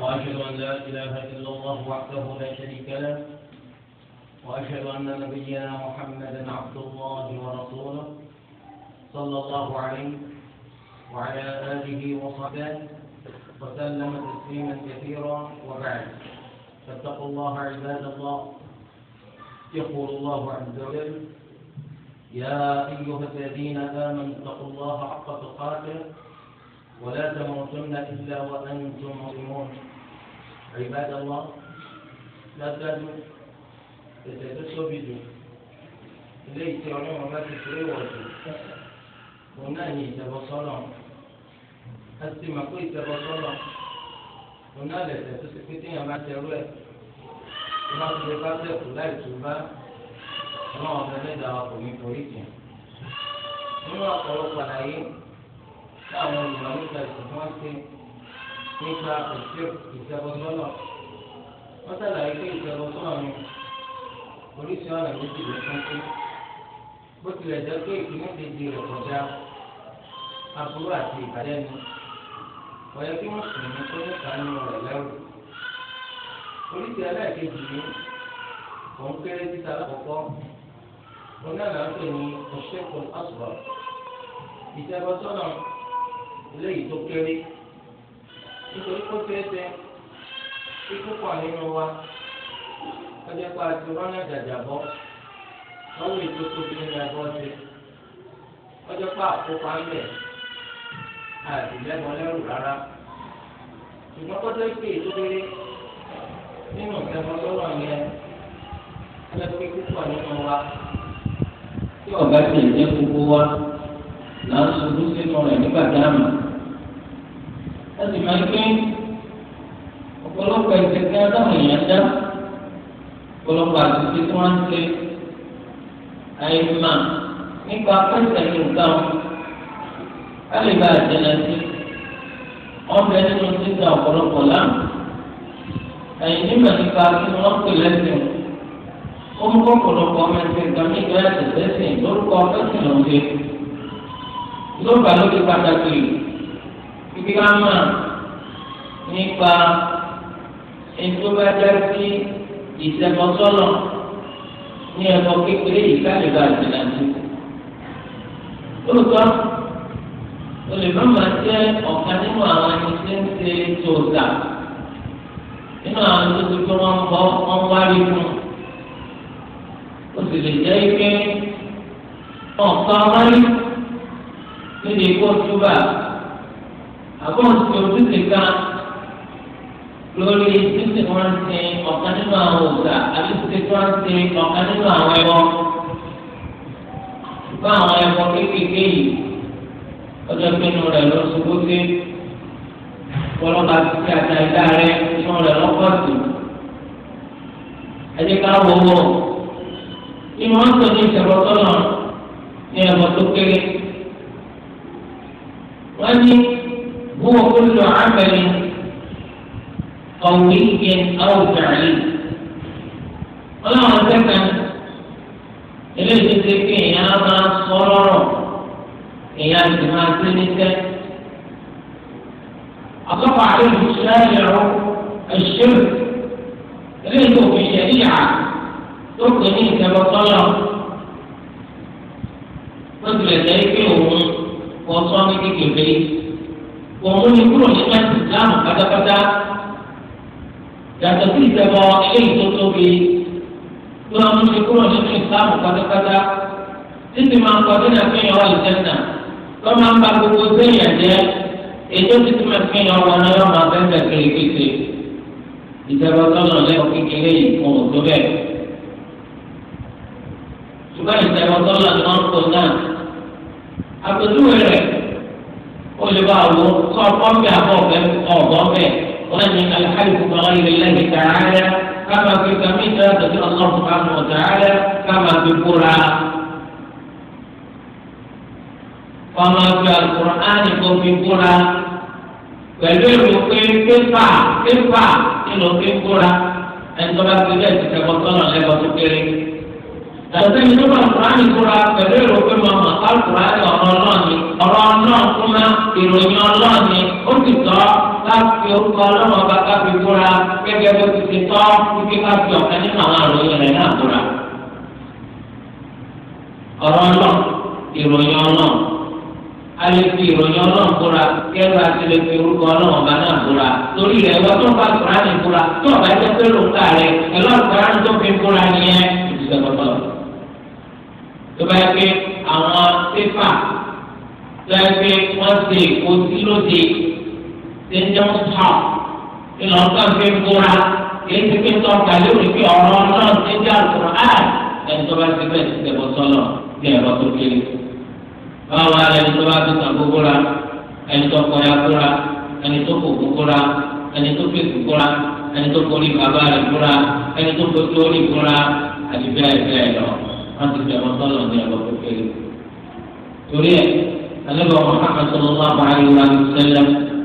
وأشهد أن لا إله إلا الله وحده لا شريك له وأشهد أن نبينا محمدا عبد الله ورسوله صلى الله عليه وعلى آله وصحبه وسلم تسليما كثيرا وبعد فاتقوا الله عباد الله يقول الله عز وجل يا أيها الذين آمنوا اتقوا الله حق تقاته ولا تموتن إلا وأنتم مسلمون àyíkájọ wọn dájúdájú ẹ̀ṣẹ̀ tó tóbi jù ilé ìtẹ Ọlọ́run bá ti fi wọ̀ jù òun náà ní ìtẹ̀bọ sọ́nà a ti mọ̀ pé ìtẹ̀bọ sọ́nà òun náà lẹ̀ṣẹ̀ tó ti pé téèyàn bá tẹ̀rú ẹ̀ ìmọ̀ tó lè bá bẹ̀kú láì tó bá ọlọ́run ọ̀bẹ mẹ́ta ọkùnrin forí kì nínú ọ̀pọ̀lọpọ̀ àlàyé láwọn olùmọ̀ nípa ìsìn tí ṣe nípa òṣèlú ìjẹ́bọsọ́nà wọ́n ṣàlàyé pé ìjẹ́bọsọ́nà ni oríṣi ọ̀nà méjì ló fún pé bó tilẹ̀ jẹ́ pé ìpínlẹ̀ kejì rẹ̀ kọjá aburú àti ìbàjẹ́ ni ọ̀yẹ́ kí mùsùlùmí tó ní sànú rẹ̀ lẹ́rù oríṣi ẹlẹ́ẹ̀kejì ni òun kéré títa lákòókò òun náà náà pè ní òṣèlú ọ̀ṣọ́ ìjẹ́bọsọ́nà eléyìí tó nítorí kó ṣeé ṣe kí púpọ̀ nínú wa ọjọ́ pa ti rọ́nà jàjàbọ́ lọ́wọ́ ètò tóbi nínú ẹ̀bọ́ ṣe ọjọ́ pa àkópa ń àti lẹ́mọ lẹ́rù rárá ṣùgbọ́n kọ́tọ́ ìpè tó kéré nínú ìtẹ́mọ lọ́wọ́ yẹn ọjọ́ nínú wa tí ọ̀gá ń jẹ́ gbogbo wa là ń sínú láti máa ń pín ọ̀pọ̀lọpọ̀ ìṣẹ̀kẹ́ adáhùn èèyàn dá ọ̀pọ̀lọpọ̀ àtúnṣe tí wọ́n ń ṣe àìmọ̀ nípa pẹ́sẹ̀ ní nǹkan ká lè bá àjẹnà sí ọbẹ̀ nínú títà ọ̀pọ̀lọpọ̀ láàmú ẹ̀yìn nígbà nípa kí wọ́n pè lẹ́sìn ó mú ọ̀pọ̀lọpọ̀ ọmọ ẹ̀sìn nǹkan nígbà yàtọ̀ lẹ́sìn lórúkọ pẹ́sìn lọ́sẹ̀ ló bá lórí pàtàkì yìí kíkí ká mọ̀ nípa ìtúbàjá sí ìṣẹ̀mọ́sọ́nà ní ẹ̀kọ́ kékeré yìí ká lè ba àjìnà sí. lóòótọ́ olùmọ̀mọ̀ jẹ́ ọ̀kan nínú àwọn ẹni tí ń ṣe tòòtà nínú àwọn tó ti tó wọn bọ́ wọn wárí fún un ó sì lè jẹ́ ike ọ̀kan wárí nídìí kó túbà àbọ̀ ti ojúṣe kan lórí títí wọn ti ọ̀kan nínú àwọn òòṣà àbí títí wọn ti ọ̀kan nínú àwọn ẹ̀rọ fún àwọn ẹ̀rọ kéékèèké yìí ọjọ́ pinnu rẹ̀ ló ṣubú sí ọlọ́pàá ti àti àìdá rẹ̀ inú rẹ̀ lọ́kọ̀ọ̀tù ẹ̀jẹ̀ ká wọ́wọ́ inú wọn sọ ní ìṣẹ̀rọ tọ́nà ní ẹ̀rọ tó kéré wọ́n ní. هو كل عمل قوي او فعلي ولا ركبا الذي تلك يا ما صرر يا ما تلك أطلق عليه الشارع الشرك ريته في شريعة منك بطلة مثل ذلك وصامتك البيت òun ni kúrò nínú ẹ̀sìn Islam pátápátá yàtọ̀ sí ìṣẹ̀bọ eléyìí tó tóbi tó máa mú ṣe kúrò nínú Islam pátápátá títí máa ń kọjú náà fún ìyàwó àlùjẹ́nà tó máa ń ba gbogbo sẹ́yìn ẹ̀jẹ̀ ètò títí máa fún ìyàwó ọ̀nà yóò máa bẹ́ẹ̀ kiri kété ìṣẹ̀bọ tọ́nà lẹ́kọ̀ọ́ kékeré yìí fún òtó bẹ́ẹ̀ ṣùgbọ́n ìṣẹ̀bọ tọ́nà ni lè bá wo sọ ọ̀fẹ́ àbọ̀fẹ́ ọ̀gọ́fẹ́ wọ́n ní alhalifu kọ́ra ilẹ̀ lẹ́yìn tààrà kama fi kàmí ìtara tàbí ọlọ́run kàmú tààrà kama fi kóra. ọmọ fi alukur'an kò fi kóra pẹ̀lú èrò pé pépà pépà nínú fi kóra ẹni tó bá ti bẹ́ẹ̀ ti tẹ̀kọ́ sọ́nà lẹ́kọ̀ọ́ tó Dàtí mi nígbà Kùránì kúra pẹ̀lú èrò pé mo mọ̀ ká Kùránì ọ̀rọ̀ ọlọ́ọ̀ni ọ̀rọ̀ ọlọ́ọ̀ fún mọ́ ìròyìn ọlọ́ọ̀ni ó sì tọ́ láti orúkọ ọlọ́run ọba káfí kúra gẹ́gẹ́ bó ti ti tọ́ kíkẹ́ káfí ọ̀kan nínú àwọn àròyìn rẹ̀ náà kúra. Ọ̀rọ̀ ọlọ́ọ̀ ìròyìn ọlọ́ọ̀ alẹ́ fi ìròyìn ọlọ́run kóra kẹ́rù àti lè fi orúkọ ọlọ́run ọba náà kóra torí rẹ̀ wọ́n tó ń bá kóra ní tó ọ̀bá ẹgbẹ́ pé lòun kà rẹ̀ ẹ̀lọ́run kóra tó fi kóra nìyẹn ìdílé bọ́tọ̀ tó bá yẹ pé àwọn pépà tó yẹ pé wọ́n ṣe èkó sí lóde ṣe ń jẹun tọ̀ ìlọ nǹkan fi bóra kìí ṣe pé tọ́ ka lórí pé ọ̀rọ̀ náà ṣe jẹ́ àkùrọ̀ á ẹni tó bá ti bẹ̀ ti tẹ̀ bọ́ sọ́lọ̀ bí ẹ̀rọ tó kéré. báwo wá ẹni tó bá ti tàn gbogbo ẹni tó kọ ya kóra ẹni tó kò gbogbo ẹni tó fèsì kóra ẹni tó kórìí bàbá rẹ̀ kóra ẹni tó kò tó rí kóra àti bẹ́ẹ̀ bẹ́ẹ̀ lọ wọn ti fi ọmọ tọ́lọ̀ ní ọ̀rọ̀ kékeré. torí ẹ anábì ọmọ hàmà sọlọ wà bá ayé wa sẹlẹ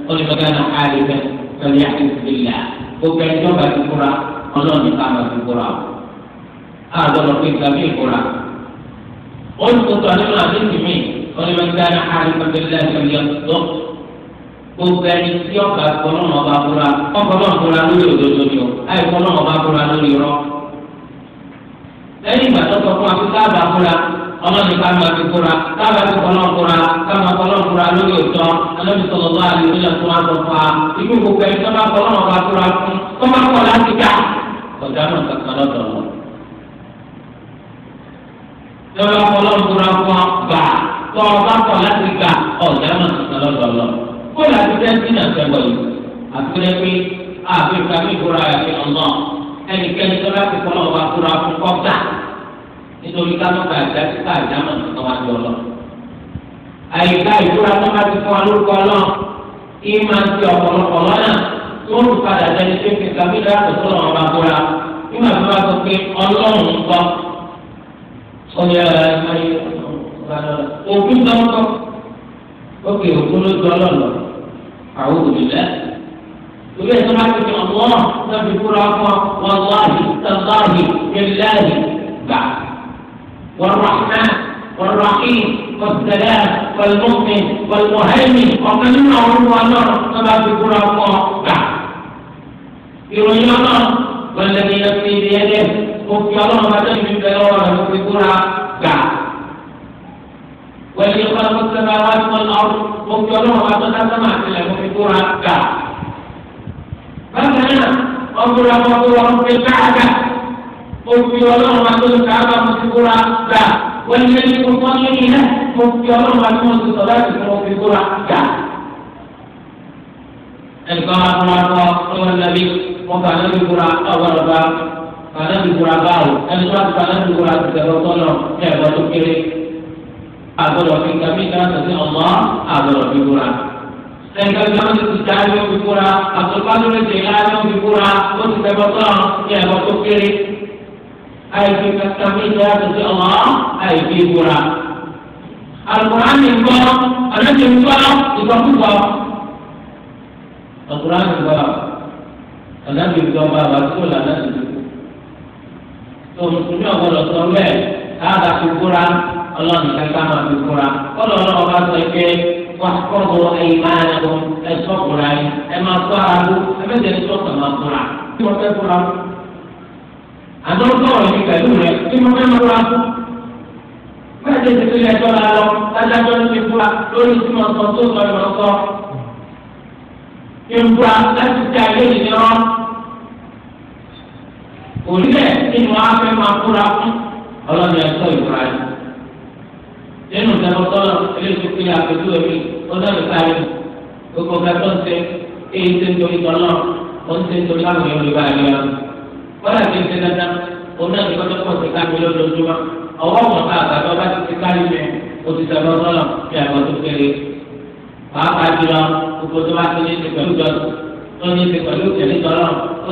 olùmọ̀gá náà ààrẹ fẹ pẹ̀lú àkíyèsílẹ̀ gbogbo ẹni tó bá ti kúra ọlọ́ọ̀ni ká bá ti kúra o. àgọ́dọ̀ pé ìgbà bí ìkúra. olùkótó anábì àdéhùn mi olùmọ̀gá náà ààrẹ fẹ pẹ̀lú àkíyèsílẹ̀ gbogbo ẹni tí ọba kọlọ́mọba kúra ọkọlọ́mọba kúra lórí òdodo ni o àìkọlọ́mọba kúra lórí rọ lẹ́yìn ìgbà tó sọ fún wa pé káàbà fúnra ọlọ́run ká máa fi fúnra káàbà fi kọ́lọ́ fúnra káàbà kọ́lọ́ fúnra lórí òótọ́ ọlọ́run sọ̀rọ̀ wá àlè ìpínlẹ̀ fún wa sọ fún wa ikú gbogbo ẹni tó bá kọ́lọ́ wọn bá fúnra fún tó bá kọ́ láti ká ọ̀dà náà kankan lọ́dọ̀ wọn. tó bá kọ́lọ́ fúnra fún gbà tó bá kọ́ láti gbà ọ̀dà náà kankan lọ́dọ̀ lọ. kó láti fẹ́ ẹnikẹ́ni tó bá ti kọ́ lọ́wọ́ akúra fún kọ́gbà nítorí kálọ́gbà ìjà tí ká ìdámọ̀ nìkan wá jọ lọ. àyíká ìkúra tó bá ti fún wa lórúkọ náà kí máa ti ọ̀pọ̀lọpọ̀ lọ́nà tó ń padà dẹni tó fi kàbí dáàbò tó lọ́wọ́ bá kúra kí máa fi wá sọ pé ọlọ́run ń kọ́. ọ̀yà òkú gbọ́ngàn ókè òkú ló jọ lọ́lọ́ àwọn òbí lẹ́yìn. يقول يا سمعتك الله طب يقول عفوا والله تالله بالله بعد والرحمن والرحيم والسلام والمؤمن والمهيمن ومن نعم الله طب يقول الله بعد يقول يا الله والذي نفسي بيده خفي الله ما تجد من بلوره يقول بعد والذي خلق السماوات والأرض مبتلوها ما تتسمع في الأمور بعد bákan náà wọ́n búra wọ́n búra wọ́n fi káàkà ó fi ọlọ́run wá tó káàkà mo ti búra gbà wọ́n ní ẹni tó fọ́n ní ilẹ̀ mo fi ọlọ́run wá tó mo ti sọ̀rọ̀ àti mo fi búra gbà. ẹnìkan wá fún wa kọ́ ọmọ nàbí wọn kà Allah fi búra ọgbọ́dọ̀ lẹ́gbẹ́ tí wọ́n ti ti dá ló fi kúra àtúntò ló ti yá ló fi kúra ó ti tẹ́gbọ́ sọ́run ní ẹ̀rọ tó kéré. àìsí kàkà mi ìjọba tó ti ọ̀nà àìsí kúra. àlùkùrán mi gbọ́ àlejò mi gbọ́ ìgbọ́kúgbọ́. àlùkùrán mi gbọ́ àlejò mi gbọ́ bàbá tó là láti dùn. tó mùsùlùmí ọ̀gbọ́dọ̀ sọ bẹ́ẹ̀ káàdà fi kúra ọlọ́run kẹta máa fi kúra kọ́lọ́ wà kọ́bọ̀ ẹ̀yìnmáyàwó ẹ̀sọ́kùnrin ayé ẹ̀ máa tọ́ ara ló ẹ̀mẹ́tẹ̀ ní sọ́kà máa kúra kí wọ́n fẹ́ kúra. àná sọ̀rọ̀ ní pẹ̀lú rẹ̀ kí wọ́n fẹ́ kúra. bẹ́ẹ̀ ni ti tilẹ̀ tọ́ la lọ lájájọ́ ní ti kúra lórí tí wọ́n sọ tó sọ ìwọ̀n sọ. kí n kúra láti ti ayé nìyẹn rọ. òrìlẹ̀ nínú afẹ́ máa kúra fún ọlọ́run ẹ̀sọ́ ìkúra nínú ìtẹ́lọ́tọ́nà eléyìí fi àpèjú ẹ̀mí ọ̀dọ́rì sáré gbogbo ọ̀gá tó ń ṣe èyí ṣe ń torí tọ́lọ́ ó ń ṣe ń torí àwọn èèyàn olùbá rẹ̀ lọ. kọ́lá ti ń ṣe dandan òun náà ti kọ́tọ́ pọ̀ sí káàkiri lójoojúmọ́ ọwọ́ ọ̀gá àgbàdo bá ti ti kárí mi ó ti sọ lọ́tọ́nà bí àgbà tó kéré. pàápàá jùlọ gbogbo tó bá ti ní ti pẹ̀lú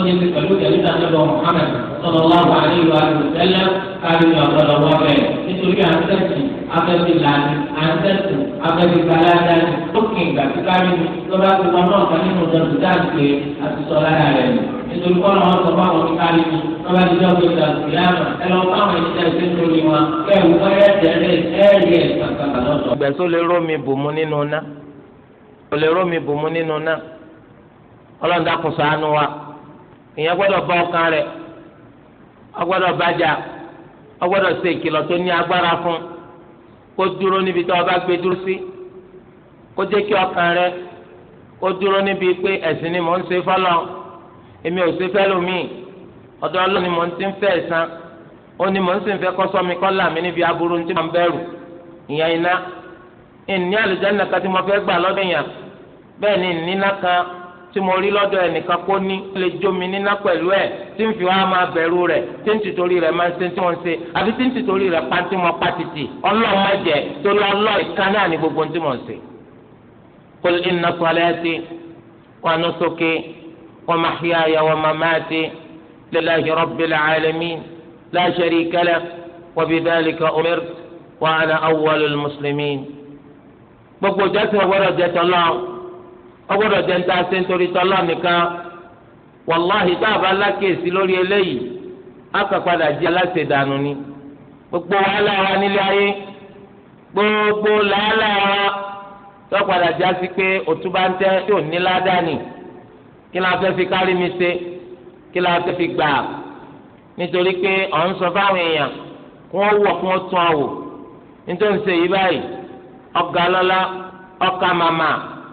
ní ti pẹ̀lú ìjẹ̀lúta lọ́dọ̀ Muhammad sallallahu alaihi wa sallam káàdùn ọ̀dọ̀dọ̀ wọ́n bẹ̀rẹ̀ nítorí àǹtẹ̀sì afẹ́sì làní àǹtẹ̀sì afẹ́sì balada lókè ìgbà tí kárí mi lọ́ba ti wọn náà kan nínú ìdọ̀tí dáàbò àti sọ́lá rẹ̀ nítorí kọ́ lọ́wọ́ sọ fún àwọn kárí mi lọ́ba ti jọ́ pé ìdàgbìyàmà ẹ lọ fún ẹ̀ wọ́n yẹ wa. èèyàn gbọdọ bá ọkàn rẹ ọgbọdọ bàjá ọgbọdọ ṣe ìkìlọ̀ tó ní agbára fún kó dúró níbi tó ọba gbé dúró sí kó jẹ́ kí ọkàn rẹ kó dúró níbi pé ẹsìn ni mò ń ṣe fọlọ èmi ò ṣe ni mò ń ti ó ní mò ń sì mi níbi aburú ń iná ìní mo gbà ni ìní náà kan tí mo rí lọ́dọ̀ ẹnìkan kó ní lè jó mi níná pẹ̀lú ẹ̀ tí ń fi wá máa bẹ̀rù rẹ̀ tí ń tìtorí rẹ̀ máa ń ṣe tí wọ́n ń ṣe àbí tí ń tìtorí rẹ̀ pàǹtí mọ́ pàtìtì ọlọ́run má jẹ́ torí ọlọ́run ìka náà ní gbogbo tí mo ń ṣe. qul inna salati wa nusuki wa mahyaya wa mamati lillahi rabbil alamin la sharika lahu wa bidhalika umirtu wa ana awwalul muslimin. gbogbo jẹ́sìn ọgbọ́dọ̀ jẹ́ tọ́lọ́run ọgbọ́dọ̀ jẹ́ ń ta ṣe nítorí tọ́lá nìkan wàláhì tá a bá lákèsí lórí eléyìí á kà padà jẹ́ aláṣẹ dànù ni gbogbo wàhálà wa nílé ayé gbogbo làálà wa tó padà pé òtúbà ń tẹ́ tí ò ní ládàá nì kí la fẹ́ fi kárí mi ṣe kí la fẹ́ fi gbà nítorí pé ọ̀ ń sọ fáwọn èèyàn kí wọ́n wọ̀ kí wọ́n tún àwò nítorí ṣe yí báyìí ọ̀gá lọ́lá ọ̀ka màmá.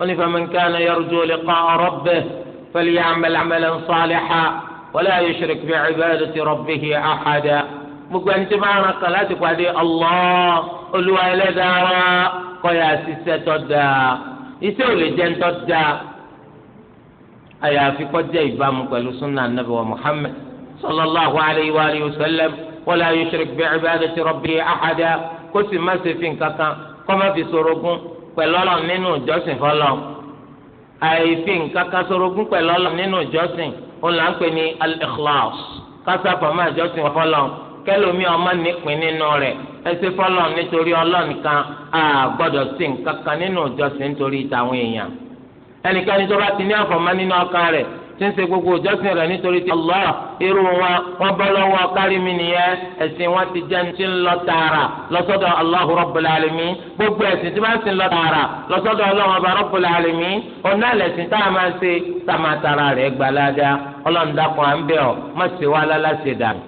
قل فمن كان يرجو لقاء ربه فليعمل عملا صالحا ولا يشرك بعبادة ربه أحدا مقبل انت معنا قلاتك الله قلوا إلى دارا قيا سيسة تدى يسوي جن تدى أيا في قد يبام سنة النبي محمد صلى الله عليه وآله وسلم ولا يشرك بعبادة ربه أحدا قسم ما سيفين كما في سرقون pẹ̀lú ọlọ́run nínú ìjọsìn fọlọ́ àìfi nǹkan kan sorogún pẹ̀lú ọlọ́run nínú ìjọsìn òun là ń pè ní al-ikhlas kásá fàmà ìjọsìn fọlọ́ kẹlòmí ọmọ nípìn nínú rẹ̀ ẹsẹ fọlọ́ nítorí ọlọ́run kan á gbọ́dọ̀ sí nǹkan kan nínú ìjọsìn nítorí ìtàwọn èèyàn ẹnikẹ́ni tó bá ti ní àfọ̀mọ́ nínú ọkàn rẹ̀ tí ń ṣe gbogbo ìjọsìn rẹ̀ nítorí ti Allah irú wọn wọn bọ́ lọ́wọ́ kárí mi nìyẹn ẹ̀sìn wọn ti jẹ́ ti ń lọ tààrà lọ́sọ́dọ̀ Allah Rabbul Alamin gbogbo ẹ̀sìn tí wọ́n ti ń lọ tààrà lọ́sọ́dọ̀ ọlọ́wọ́n Rabbul Alamin ọ̀nà tá a máa ṣe tá a máa tara rẹ̀ gbalada ọlọ́ndàkùn à ń bẹ̀ ọ́ má ṣe wá lálásẹ̀ dànù.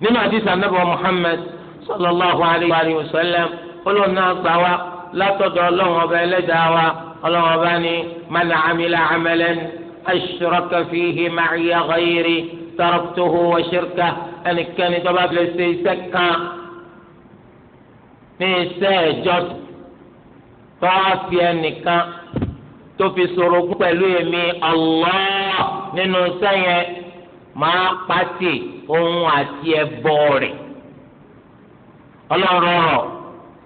nínú àdìsá nàbọ̀ Muhammad sallallahu alayhi wa sallam olóòna gbà wá látọ̀dọ̀ ọlọ́wọ́n ọba ẹlẹ́dàá wa ọlọ́wọ́n ọba ni man amila amalan أشرك فيه معي غيري تركته وشركه أن كان تبعت لسيسكا نساء جد تعافي أنك تفي سرق بلومي الله nínú sẹ́yìn máa pàtì ohun àti ẹbọ rẹ̀ ọlọ́run ọ̀rọ̀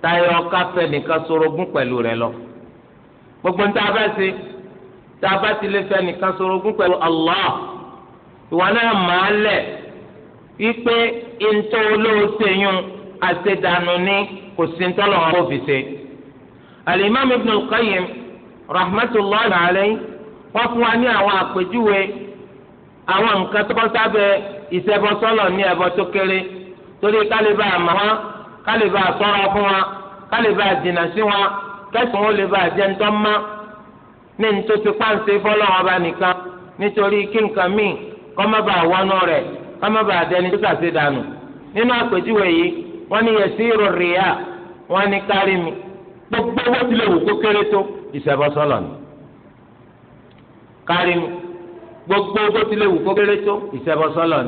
tayọ káfẹ́ nìkan sorogún pẹ̀lú rẹ̀ lọ gbogbo ń tá a bá ṣe tá a bá ti lè fẹ́ nìkan sorogún pẹ̀lú Allah ìwà náà máa lẹ̀ wípé ntọ́ olóòótọ́ eyín àṣedànù ni kò sí ntọ́lọ̀ wọn kò fi ṣe. alimami ibn al-qayyim rahmatulahi alayhi wọ́n fún wa ní àwọn àpèjúwe àwọn nǹkan tó bọ́ sábẹ́ ìṣẹ́bọsọ́lọ̀ ní ẹ̀bọ tó kéré torí kálíbà àmọ́ wọn kálíbà sọ́ra fún wa kálíbà sí wọn ní nítorí tó ti pàǹsẹ̀ fọlọ́wọ́n nìkan nítorí kí nǹkan míì kọ́ wọnú rẹ̀ kọ́ dẹni tó kà sí dànù nínú àpèjúwe yìí wọ́n ní yẹsí ròrìyà wọ́n ní kárí mi gbogbo owó tilẹ̀ kó kéré tó ni kárí mi gbogbo owó tilẹ̀ wù kó kéré tó ìṣẹ̀bọ̀sọ̀lọ̀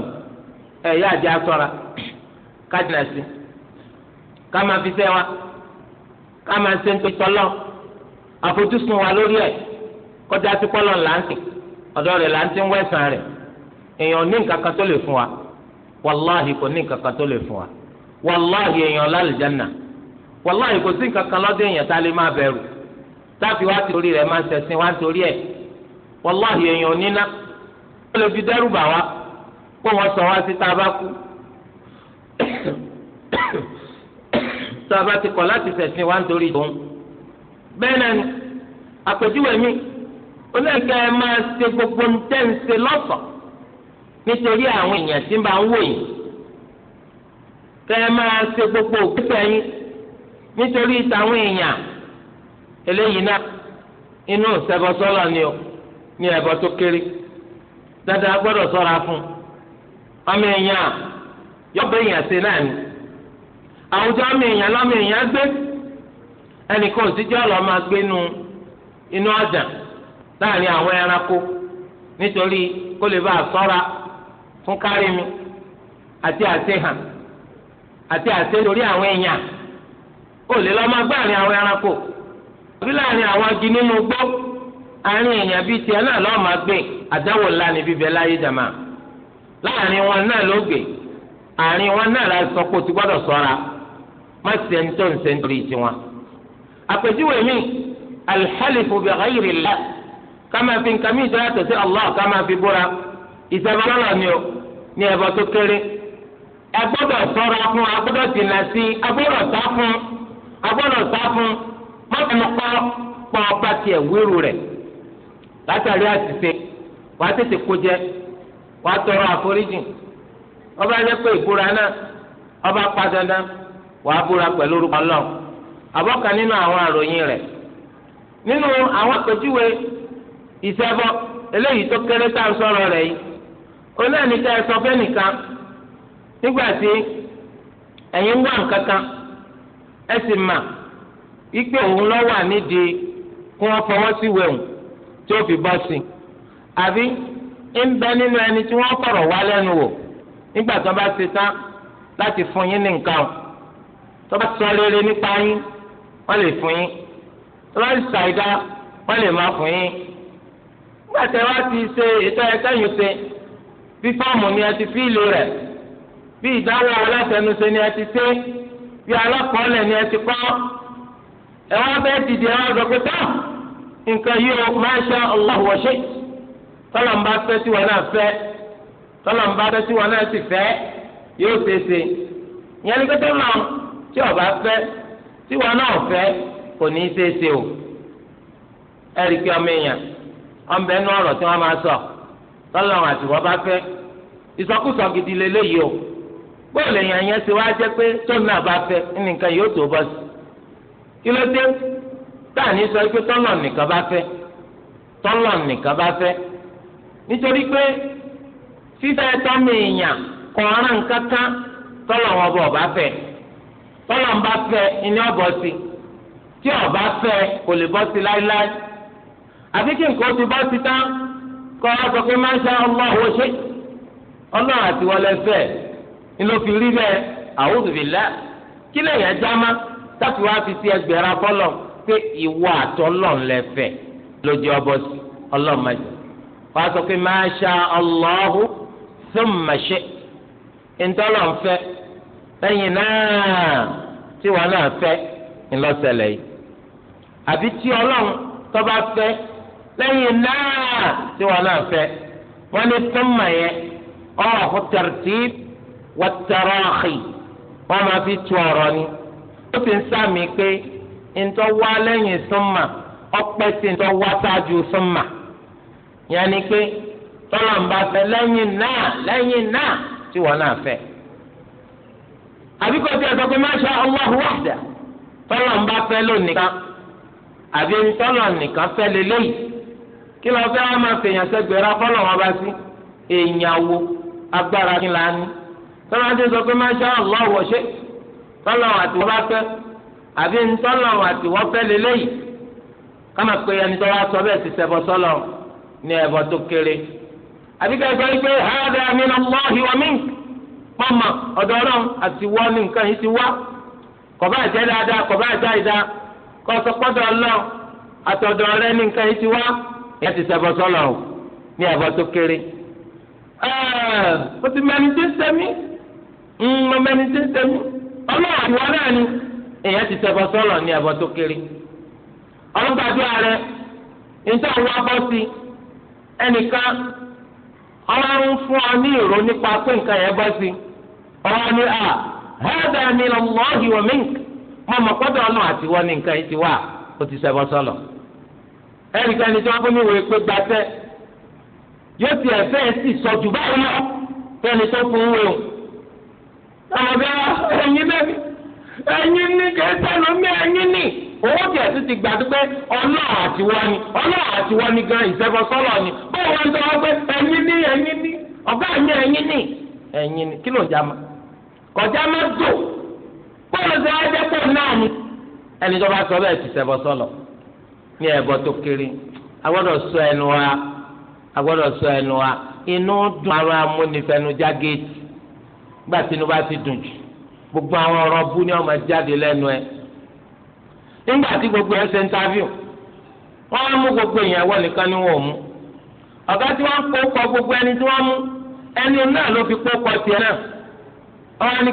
ni ẹ̀yà kọjá sí pọ́lọ́ làǹtì ọ̀dọ́ rẹ̀ làǹtì ń wẹ̀sán rẹ̀ èèyàn ní nǹkan kan tó lè fún wa wàláhì kò ní nǹkan kan tó lè fún wa wàláhì èèyàn lálùjáná wàláhì kò sí nǹkan kan lọ́dọ̀ èèyàn tá a lè máa bẹ̀rù táàfin wá torí rẹ̀ máa ṣẹ̀sìn wá torí ẹ̀ wàláhì èèyàn níná ó lè fi dẹ́rù bà kó wọ́n sọ wá sí tá kú tá ti kọ̀ láti ṣẹ̀sìn wá nítorí ìdòun bẹ́ẹ̀ náà ni àpèjúwe mi. olóòkè ẹ máa ṣe gbogbo ń tẹ́ ń nítorí àwọn èèyàn tí ń bá ń wò yìí kẹ ẹ máa ṣe gbogbo òkúta yín nítorí táwọn èèyàn eléyìí náà inú ni ó ní ẹ̀bọ tó kéré dáadáa gbọ́dọ̀ sọ́ra fún ọmọ èèyàn yọ̀bọ èèyàn ṣe náà ni àwùjọ ọmọ èèyàn èèyàn gbé máa gbé inú ọjà. láàrin àwọn ẹranko nítorí kó lè bá a ṣọ́ra fún àti àṣehàn àti àṣe lórí àwọn èèyàn ó lè lọ́ máa àwọn ẹranko àbí láàrin àwọn agi nínú gbó àárín èèyàn bíi tiẹ̀ náà lọ́ọ́ máa gbé àdáwò ńlá ní bíbẹ láyé jàmá láàrin wọn náà ló gbé àárín wọn náà sọ pé o ti gbọ́dọ̀ má kama fi nǹkan mi ìtọ́yà tẹ̀sí Allah kama fi búra ìsẹ̀bọ̀lọ́lọ́ ni o ní ẹ̀bọ tó kéré agbọ́dọ̀ sọ̀rọ̀ fún agbọ́dọ̀ dìnnà sí agbọ́dọ̀ sá fún agbọrọ sá fún mọ́tàmú kọ́ pọ̀ ọba tiẹ̀ wíru látàrí wà á tètè kó jẹ wà á tọrọ àforíjì ọba yẹ pé ìbúra ọba pa dandan wà á búra orúkọ nínú àwọn àròyìn nínú àwọn ìṣẹ́bọ eléyìí tó kéré tá à ń sọ̀rọ̀ rẹ̀ yìí onáàní ká ẹ sọ fẹ́ nìkan nígbà tí ẹ̀yin ń wá nǹkan kan ẹ sì mà ipe òun lọ wà nídìí kí wọ́n fọwọ́ sí wẹ̀hùn tí ó fi bọ́ sí i àbí ń bẹ nínú ẹni tí wọ́n fọ̀rọ̀ wá lẹ́nu wò nígbà tó bá ṣe tán láti fún yín ní nǹkan tó bá sọ rere nípa yín wọ́n lè fún yín tó bá ṣàìdá wọ́n lè má fún yín. gbàtẹ wá ti ṣe ètò ẹkẹyìn ṣe bí fọọmù ni ẹ ti fíìlì rẹ bí ìdáwọ́ ni ẹ ti ṣe bí alákọọlẹ ni ẹ ti kọ ẹ wá bẹ́ẹ̀ dìde ẹ wá sọ pé tán nǹkan yìí ó máa ṣe ọlọ́hùn ọ̀ṣẹ́ tọ́lọ̀ ń bá fẹ́ tí wọn náà fẹ́ tọ́lọ̀ ń bá fẹ́ tí wọn náà sì fẹ́ yóò ṣe ṣe ìyẹn ní tí o ọmọbẹ nú ọ̀rọ̀ tí wọn máa sọ tọlọ́run àti wọn bá ìsọkúsọ gidi lélẹyìí o bóòlù èèyàn yẹn ti wá jẹ pé tóun náà bá fẹ́ nìkan yóò tó bọ sí kí ló dé pé nìkan bá nìkan bá nítorí pé tọmọ èèyàn kọ̀ọ̀ràn kankan ọba àbí kí nǹkan ti bọ́ sí tán kọ́ ọ sọ pé máa ń ṣá Allahu wa ṣe ọlọ́run àti wọlé fẹ́ ni ló fi rí bẹ́ẹ̀ a'udhu billah kí lẹ́yìn ẹja má táfi wá fi sí ẹgbẹ̀rún afọ́lọ́ pé ìwọ àtọ́lọ́run lẹ fẹ́ lójú ọbọ̀ sí ọlọ́run máa jẹ wàá sọ pé máa ṣá Allahu thumma ṣe ntọ́lọ́run fẹ́ lẹ́yìn náà tí wọn náà fẹ́ ńlọ́sẹ̀lẹ̀ yìí àbí tí ọlọ́run tó bá fẹ́ lẹ́yìn náà tí wọn náà fẹ́ wọn ní túmọ̀ yẹn ọ̀rọ̀ fún tartib wà tarahi wọn máa fi tu ọ̀rọ̀ ni ó ti ń sàmì pé ntọ́ wá lẹ́yìn súnmà ọpẹ́ sí ntọ́ wá sáájú súnmà yẹn ni pé tọ́lọ̀ ń lẹ́yìn náà lẹ́yìn náà tí wọn náà fẹ́ àbíkọ́ tí a sọ pé masha Allah wahda tọ́lọ̀ ń bá fẹ́ lónìí kan àbí ntọ́lọ̀ nìkan fẹ́ lélẹ́yìí. kí lọ fẹ́ wọn máa fèèyàn sẹ́gbẹ̀ẹ́ rà fọ́lọ̀ wọn bá sí èèyàn wo agbára kí la ní. tọ́lá ti sọ pé masha Allah tọ́lọ̀ àti wọ́n bá fẹ́ àbí ntọ́lọ̀ àti wọ́n fẹ́ lélẹ́yìí ẹni tó wá sọ bẹ́ẹ̀ sọ́lọ̀ ní ẹ̀bọ̀ tó kéré. àbí ká sọ pé wa ọ̀dọ́ àti wọ́n ní nǹkan yìí ti wá kọ̀bá e ti ṣẹbọ sọ́lọ̀ o ní ẹ̀bọ tó kéré ó ti mẹni tí ń sẹ́mi hmm, mo mẹni tí ń sẹ́mi ọlọ́run ìwọ ni ti ní tó kéré ọlọ́gbàdúrà rẹ nítorí àwọn abọ́ sí ẹnìkan ọlọ́run fún ọ ní ìró nípa pé nǹkan yẹn bọ́ sí a hẹ́ẹ́dà ni àtiwọ́ ní nǹkan yìí ti wà ó ti ẹnìkan ni tí wọ́n fún mi wòye pé gbàtẹ́ yóò ti ẹ̀fẹ́ sì sọ jù báyìí lọ fẹ́ni tó fún wò ó. àbẹ ẹ̀yin náà ẹ̀yin ní kẹsẹ̀ lómi ẹ̀yin ní owó tí ẹ̀sìn ti gbàdú pé ọlọ́ọ̀ àti ni ọlọ́ọ̀ àti wọ́n ni gan ìṣẹ́fọ́sọ́lọ̀ ni báwo wọ́n ń sọ pé ẹ̀yin ní ẹ̀yin ní ọ̀gá mi ẹ̀yin ní ẹ̀yin ní kí ló ń já ma kọjá má jẹ́ náà ni ẹni tó bá sọ bẹ́ẹ̀ ti sọ́lọ̀ ní ẹbọ tó sọ ẹnu wa sọ ẹnu wa inú dùn ara gbogbo àwọn bú ni ọmọ jáde lẹ́nu ẹ nígbà gbogbo ẹ ṣe wọ́n mú gbogbo èèyàn ẹwọ nìkan ni wọ́n mú ọ̀gá tí wọ́n kó kọ gbogbo ẹni tí wọ́n mú ẹni náà ló fi kó kọ tiẹ̀ náà ni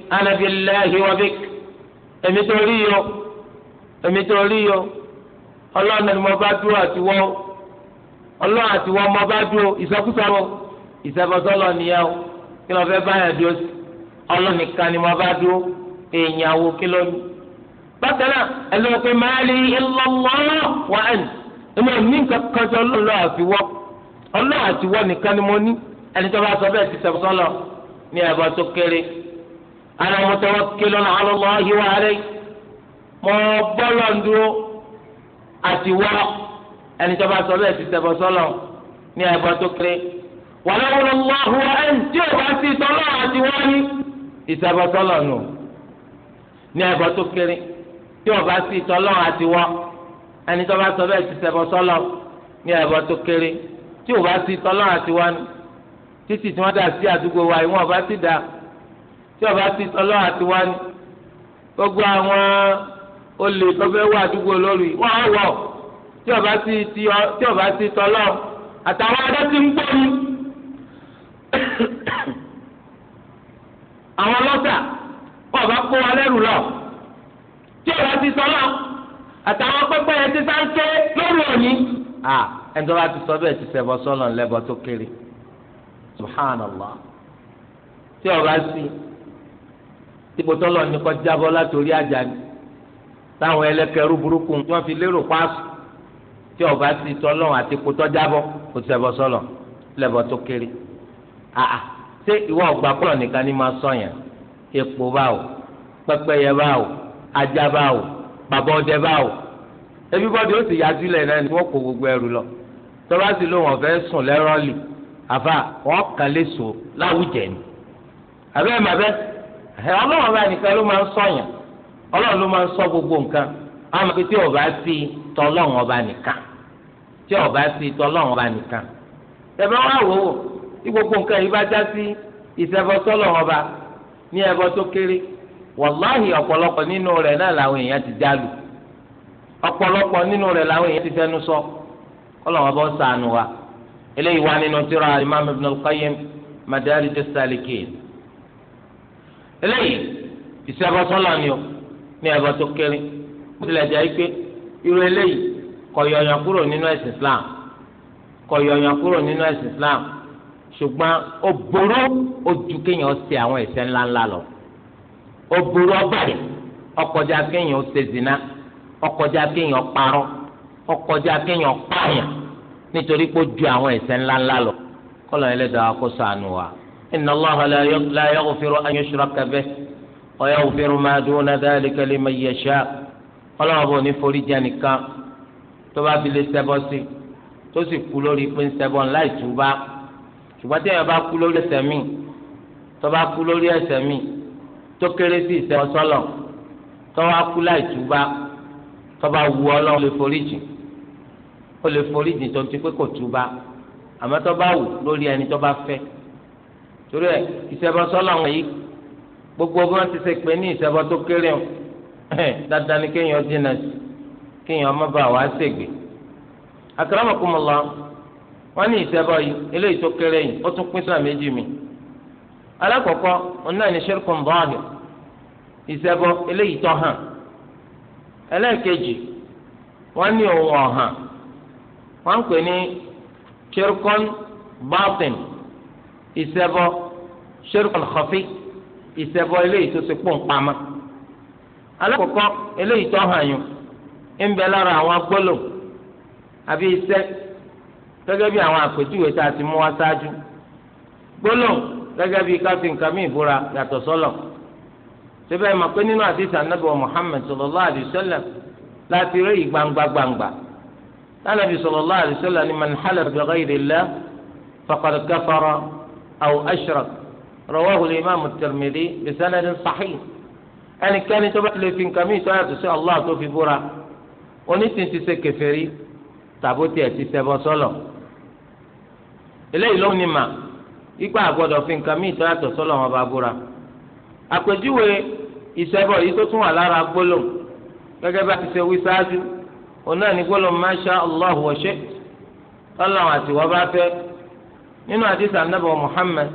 ana billahi wa bik èmi tó rí yọ èmi tó rí yọ ọlọ́run ni mo bá dúró àtiwọ́ ọlọ́run àtiwọ́ mo bá dúró ìsọkúsọ lọ ìsẹ̀bọ̀sọ́lọ nìyẹn o kí lọ́ọ́ fẹ́ báyà dúró sí ọlọ́run nìkan ni mo bá dúró èèyàn wo kí lọ́ọ́ ní. bákan náà ẹ lọ́wọ́ pé mali illallah wa ant ìmọ̀ ní nǹkan kan tó lọ́ọ́ àtiwọ́ ọlọ́run àtiwọ́ nìkan ni mo ní ẹni tó bá sọ bẹ́ẹ̀ ti sẹ̀bọ̀sọ́lọ ní ẹ̀bọ̀ tó kéré ana mutawakkilun ala Allahi wa alayhi mọ bọ́lọ̀ ń dúró àti wọ́ ẹni tó bá sọ bẹ́ẹ̀ ti tẹ̀bọ̀ sọ́lọ̀ ní ẹ̀bọ̀ tó kéré wàlẹ́ wọn lọ hu ẹn tí o bá ti tọ́lọ̀ àti wọ́ ní ìtẹ̀bọ̀ sọ́lọ̀ nù ní ẹ̀bọ̀ tó kéré tí o bá ti tọ́lọ̀ àti wọ́ ẹni tó sọ bẹ́ẹ̀ ti tẹ̀bọ̀ sọ́lọ̀ ní ẹ̀bọ̀ tó kéré tí o bá ti tọ́lọ̀ àti wọ́ ní títí tí wọ́n dà sí àdúgbò wa ìwọ̀n ọba ti dà tí ọba ti tọ́lọ́ àti wá ní gbogbo àwọn olè tọ́fẹ́ wà àdúgbò lórí wọ́n á wọ̀ tí ọba ti tí ọba ti tọ́lọ́ àtàwọn adé ti ń gbóni àwọn ọlọ́sà wọ́n bá kó wa lẹ́rù lọ tí ọba ti tọ́lọ́ àtàwọn pẹ́pẹ́ yẹn ti sáńké lórí òní. ẹni tó bá ti sọ bẹ́ẹ̀ ti sẹ́bọ̀ sọ́nà lẹ́bọ̀ tó kéré subhanallah tí ọba sí. Si, ipò tọ́lọ̀ ní kọ́ jábọ́ látòrí àjà ni táwọn ẹlẹ́kẹ̀rú burúkú tí wọ́n fi lérò páàsù tí ọba ti tọ́lọ̀ àti ipò tọ́jábọ́ kò sẹ́bọ̀ sọ́lọ̀ lẹ́bọ̀ tó kéré àà ṣé ìwọ ọgbà kúrò nìkan ní máa sọ̀yàn epo báwo pẹ́pẹ́yẹ báwo ajá báwo bàbá ọdẹ báwo ẹbí bọ́dẹ ó sì yá sílẹ̀ náà ni wọ́n kó gbogbo ẹrù lọ tọ́ba sì ló wọn fẹ́ sùn lẹ́rọ́ọ̀lì àfà wọ́n kàn lè sùn láwùjẹ́ ni àbẹ́ẹ̀ màbẹ́ẹ́ ẹ ọlọ́run bá ló máa ń sọ̀yàn ọlọ́run ló máa ń sọ gbogbo nǹkan àmọ́ pé tí ó bá sí ọba nìkan tí ó bá sí tọ́lọ́run ọba nìkan ẹ̀fẹ́ wá wò ó tí gbogbo nǹkan yìí bá já sí ọba ní ẹbọ tó kéré wàláhì ọ̀pọ̀lọpọ̀ nínú rẹ̀ náà làwọn èèyàn ti jálù ọ̀pọ̀lọpọ̀ ti sọ ọba ó wa eléyìí ìṣẹ́bọsọ́lá ni o ní ẹ̀bọ tó kéré tilẹ̀ jẹ́ pé irú eléyìí kò yọ̀yàn kúrò nínú ẹ̀sìn Islam kò yọ̀yàn kúrò nínú ẹ̀sìn Islam ṣùgbọ́n ó boró ojú kéèyàn ṣe àwọn ẹ̀ṣẹ̀ ńláńlá lọ ó boró ọgbàdì ọkọjá kéèyàn ṣe zina ọkọjá kéèyàn parọ́ ọkọjá kéèyàn pààyàn nítorí pé ó ju àwọn ẹ̀ṣẹ̀ ńláńlá lọ kọ́lọ̀ ẹlẹ́dàá kó ṣàánú wa. إن الله لا يغفر أن يشرك به ويغفر ما دون ذلك لمن يشاء ọlọ́wọ́ bò ní forí jẹ nìkan tó bá fi lè ṣẹbọ sí tó sì kú lórí pé ń ṣẹbọ láì túbá ṣùgbọ́n tí èèyàn bá kú lórí ẹ̀ṣẹ̀ míì tó bá kú lórí ẹ̀ṣẹ̀ míì tó kéré sí ìṣẹbọ sọ́lọ̀ tó wá kú láì túbá tó bá wu ọlọ́wọ́ lè forí jì ó lè forí jì tó ti pé kò túbá àmọ́ tó bá wù lórí ẹni tó bá fẹ́ torí ẹ ìṣẹbọ sọlọ wọn yìí gbogbo bí wọn ti ṣe pé ní ìṣẹbọ tó kéré o dandan ni kéèyàn dínà sí kéèyàn ọmọ bá wàá ṣègbè ní yìí eléyìí tó kéré yìí ó tún pín sàn méjì mi alákọ̀ọ́kọ́ òun náà ní bọ́ọ̀lù eléyìí tó hàn ẹlẹ́ẹ̀kejì wọ́n ní ohun ọ̀hàn wọ́n ń pè ní bọ́ọ̀tìn ṣirku al-khafi ìṣẹbọ eléyìí tó ṣe pọ̀ ń pamọ́ alákọ̀ọ́kọ́ eléyìí tó hàn yín ń bẹ lára àwọn gbólò àbí iṣẹ́ gẹ́gẹ́ bí àwọn àpèjúwe tá a ti mú wá ṣáájú gbólò gẹ́gẹ́ bí ká fi nǹkan mí ìbúra yàtọ̀ sọ́lọ̀ síbẹ̀ ẹ̀ mọ̀ pé nínú àdìsí anábì wa Muhammad sallallahu alayhi wa láti rí ìgbangba gbangba lánàbì sallallahu alayhi wa ni man halafa bi ghayri Allah faqad kafara aw ashraka rawahu al-imam at-tirmidhi bi sanadin sahih ẹnikẹ́ni tó bá lè fi nǹkan mi ìtọ́ yàtọ̀ sí Allah tó fi búra onítìí ti ṣe kèfèrí tàbó tiẹ̀ ti ṣẹbọ sọ́lọ̀ eléyìí ló ní mà ipa àgbọ̀dọ̀ fi nǹkan mi ìtọ́ yàtọ̀ sọ́lọ̀ wọn bá búra àpèjúwe ìṣẹbọ yìí tó tún wà lára gbólóhùn gẹ́gẹ́ bá ti ṣe wí sáájú òun náà ní gbólóhùn ma sha Allah wa shi' tọ́lọ́wọ́n àti wọ́n bá fẹ́ nínú àdìsá nàbọ̀ Muhammad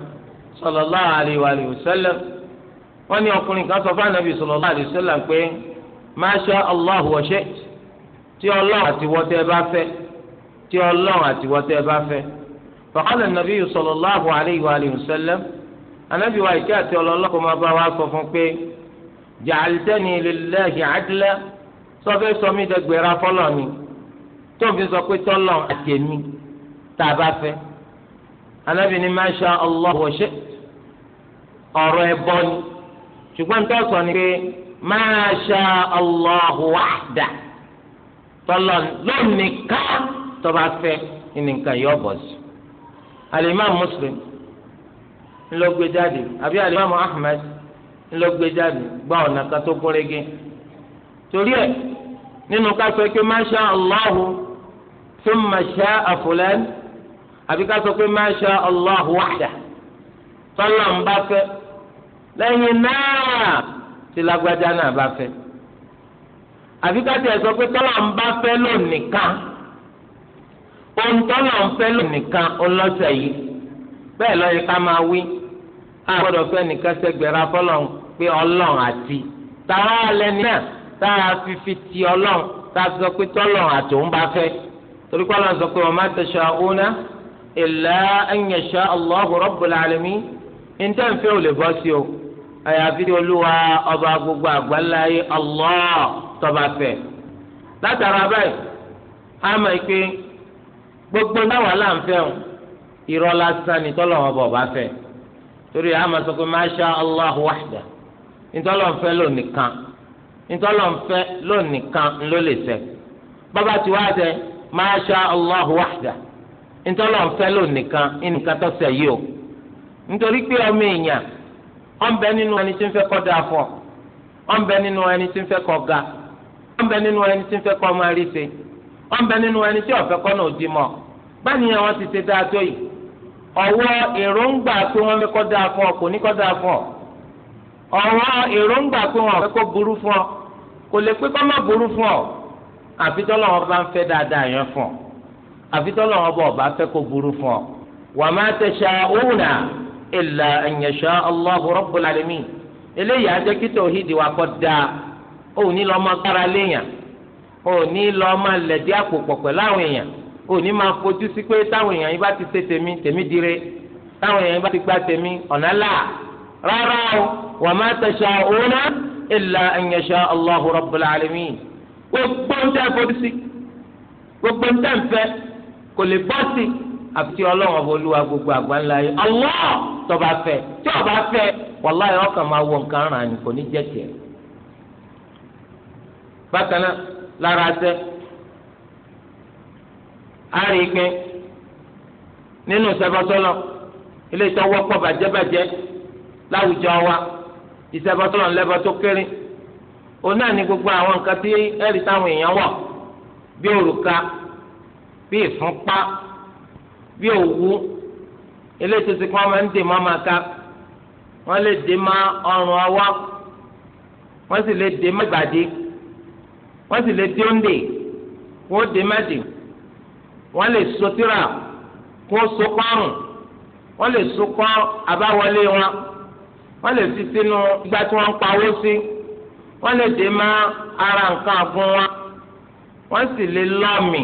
sallallahu alaihi wa alihi wasallam wọ́n ní ọkùnrin kan sọ fún anabi sallallahu alaihi wasallam pé ma sha Allahu wa shi tí Ọlọ́run àti wọtẹ bá fẹ́ tí Ọlọ́run àti wọtẹ bá fẹ́ faqala an-nabi sallallahu alaihi wa alihi wasallam anabi wa ìkẹ́ àti ọlọlọkọ máa bá wa sọ fún pé ja'altani lillahi adla sọfẹ sọmi dẹgbẹrẹ afọlọ ni tóbi sọ pé tọlọ àti tá a bá fẹ́ anabi ni ma sha Allahu wa ọ̀rọ̀ ẹbọ ni ṣùgbọ́n tó sọ ni pé máa ṣá Allahu wahda tọ́lọ̀ lónìíká tọba fẹ́ nìkan yọ bọ̀ sí. alimami Muslim ńlọ gbé jáde àbí alimami Ahmad ńlọ gbé jáde gba ọ̀nà kan tó kórégé torí ẹ̀ nínú ká sọ pé máa ṣá Allahu thumma sha'a fulan àbí ká sọ pé máa ṣá Allahu wahda tọ́lọ̀ ń bá fẹ́. lẹ́yìn náà tí lágbájá náà bá fẹ́ àfi káti ẹ̀ sọ pé tọ́lọ̀ ń bá fẹ́ lónìkan ohun tọ́lọ̀ ń fẹ́ lónìkan ọlọ́sẹ̀ yìí bẹ́ẹ̀ lọ́yẹ ká máa wí a gbọ́dọ̀ fẹ́ nìkan sẹ́gbẹ̀rẹ́ afọ́lọ́ pé ọlọ́run àti tàwa lẹni náà tá a fífi ti ọlọ́run tá a sọ pé tọ́lọ̀ àtòun bá fẹ́ torí pé ọlọ́run sọ pé wa ma tasha'una illa an yasha Allahu rabbul alamin ní tẹ́ ò lè bọ́ sí o. àyàfi olúwa ọba gbogbo àgbáláyé Allah tọba fẹ látara báyìí a mọ̀ gbogbo náwó aláǹfẹ́ irọ́ lásán ni tọ́lọ́wọ́ bọ̀ bá fẹ́ torí a sọ pé masha Allah wahda ntọ́lọ́nfẹ́ lónìkan ntọ́lọ́nfẹ́ lónìkan ló lè ṣẹ bàbá tí wàá masha Allah wahda ntọ́lọ́nfẹ́ lónìkan nǹkan tó o nítorí pé ọmọ èèyàn ọ̀n nínú ẹni tí ń fẹ kọ́ dáa fọ́ ọ̀n nínú ẹni tí ń fẹ ga ọ̀n nínú ẹni tí ń fẹ kọ́ máa rí ṣe nínú ẹni tí ọ̀fẹ́ kọ́ náà di mọ́ báyìí ni ti ṣe dáa tó yìí ọ̀wọ́ èròǹgbà pé wọ́n fẹ́ kọ́ dáa fọ́ kò ní kọ́ dáa fọ́ èròǹgbà burú wọn ọba fẹ́ burú fún ọ wàá má illa an yasha Allahu rabbul alamin eléyìí á jẹ́ kí tòhídì wa kọ́ dáa ó ní lọ́ọ́ máa gbára léèyàn ó ní lọ́ọ́ máa lẹ̀dí àpò pọ̀ pẹ̀lú àwọn èèyàn ó ní máa fojú sí pé táwọn èèyàn yìí bá ti ṣe tèmi tèmi dire táwọn èèyàn yìí bá ti gba tèmi ọ̀nà là rárá o wa ma tasha'una illa an yasha Allahu rabbul alamin gbogbo ń tẹ́ fojú sí gbogbo ń tẹ́ ń fẹ́ kò lè bọ́ sí i. àfi tí ọlọ́run ọba olúwa gbogbo àgbáńlá yìí Allah tọba fẹ́ tí ọba fẹ́ wàláyé ọkàn máa wọ nǹkan ràn ní kò ní jẹ́ bákan náà lára i nínú ìṣẹ́bọ́sọ́lọ́ ilé iṣẹ́ wọ́pọ̀ bàjẹ́bàjẹ́ láwùjọ wa ìṣẹ́bọ́sọ́lọ́ ńlẹ́bọ́ tó kéré òun náà gbogbo àwọn nǹkan tí táwọn èèyàn bí òrùka bí ìfúnpá bí òwú eléyìí tó ti kọ́ máa ń dè má máa ká wọ́n lè dè má ọrùn ọwọ́ wọ́n sì lè dè má gbàdé wọ́n sì lè dé òǹdè wọ́n dè má dè wọ́n lè so tíra kó so kọ́rùn wọ́n lè so kọ́ àbáwọlé wọn wọ́n lè fi sínú ìgbà tí wọ́n ń pawó sí wọ́n lè dè má ara nǹkan àgùn wọn wọ́n sì lè lọ́ọ̀mì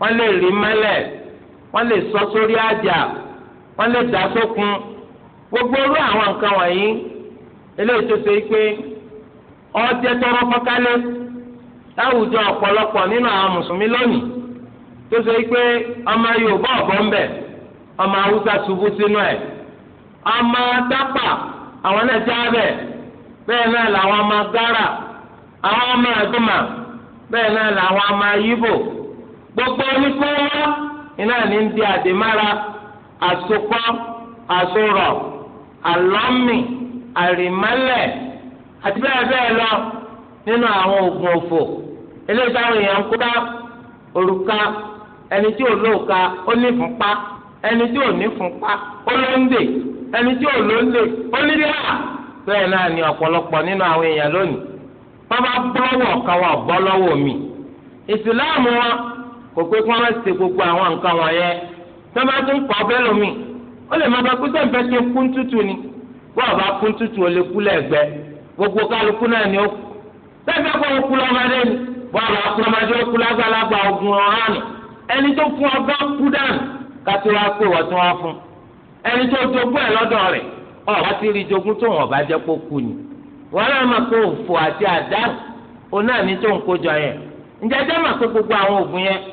wọ́n lè rí mẹ́lẹ̀. wọ́n lè sọ sórí àjà wọ́n lè dá gbogbo orú àwọn nǹkan wọ̀nyí eléyìí tó ṣe pé ọjẹ tọrọ fọkálẹ láwùjọ ọ̀pọ̀lọpọ̀ nínú àwọn mùsùlùmí lónìí tó ṣe pé ọmọ Yorùbá ọbọ ń bẹ ọmọ Haúsá ṣubú sínú ẹ̀ ọmọ Tápà àwọn náà já bẹ bẹ́ẹ̀ náà làwọn ọmọ Gárà àwọn ọmọ náà làwọn ọmọ gbogbo iná ní ń di àdèmára àsopọ̀ àsorọ̀ àlọ́mì àrìmọ́lẹ̀ àti lọ nínú àwọn oògùn òfò eléyìí táwọn èèyàn ń kó bá òrùka ẹni tí ò lóòka ó ní fúnpá ẹni tí ò ní ó ló ń dè ẹni tí ò ló ń dè ó ní kò pé kí wọ́n má ṣe gbogbo àwọn nǹkan wọ̀nyẹn tó bá tún kọ́ bẹ́ẹ̀ lómi ó lè má bá pé tó ń fẹ́ ṣe kún tútù ni bọ́ọ̀ bá kún tútù ó lè kú lẹ́gbẹ́ gbogbo kálukú náà ni ó kú tẹ́fẹ́ kọ́ ó kú lọ́mọdé ni bọ́ọ̀ bá kú lọ́mọdé ó kú lágbàlagbà ogun ọ̀hán ẹni tó fún ọ bá kú dànù kátó wá pé wọ́n tún wá fún ẹni tó jogún ẹ̀ lọ́dọ̀ rẹ̀ ọ̀ wá sí rí jogún tó wọn bá jẹ́ kó kú ni wọn náà máa kó òfò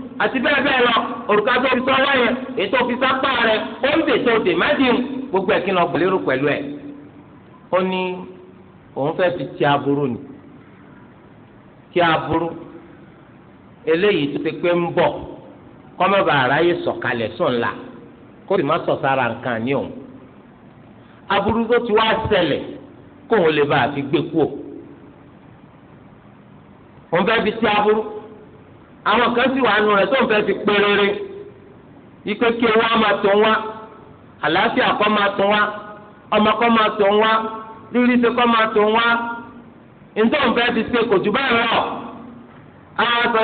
àti bẹ́ẹ̀ bẹ́ẹ̀ lọ òrùka tó fi sọ́wọ́ yẹn ètò òfin sápá rẹ ó ń dè tó dè má dìrù gbogbo ẹ̀ kí lọ gbẹ̀lérò pẹ̀lú ẹ̀ ó ní òun fẹ́ fi ti aburú ni ti aburú eléyìí tó ti pé ń bọ̀ kọ́mọ́bà aráyé sọ̀kalẹ̀ sùn la kó sì má sọ̀ sára nǹkan ní òun aburú tó ti wá ṣẹlẹ̀ kóun lè bá a fi gbé kú òun fẹ́ fi ti aburú. àwọn kan sì wà nù rẹ̀ tó ń fẹ́ fi pé rere ikú kí owó alasia máa ma wá àlàáfíà kọ́ máa tó wá ọmọ kọ́ máa tó wá rírí ṣe kọ́ máa tó wá nítorí òun fẹ́ fi ṣe kò jù báyìí lọ àwọn sọ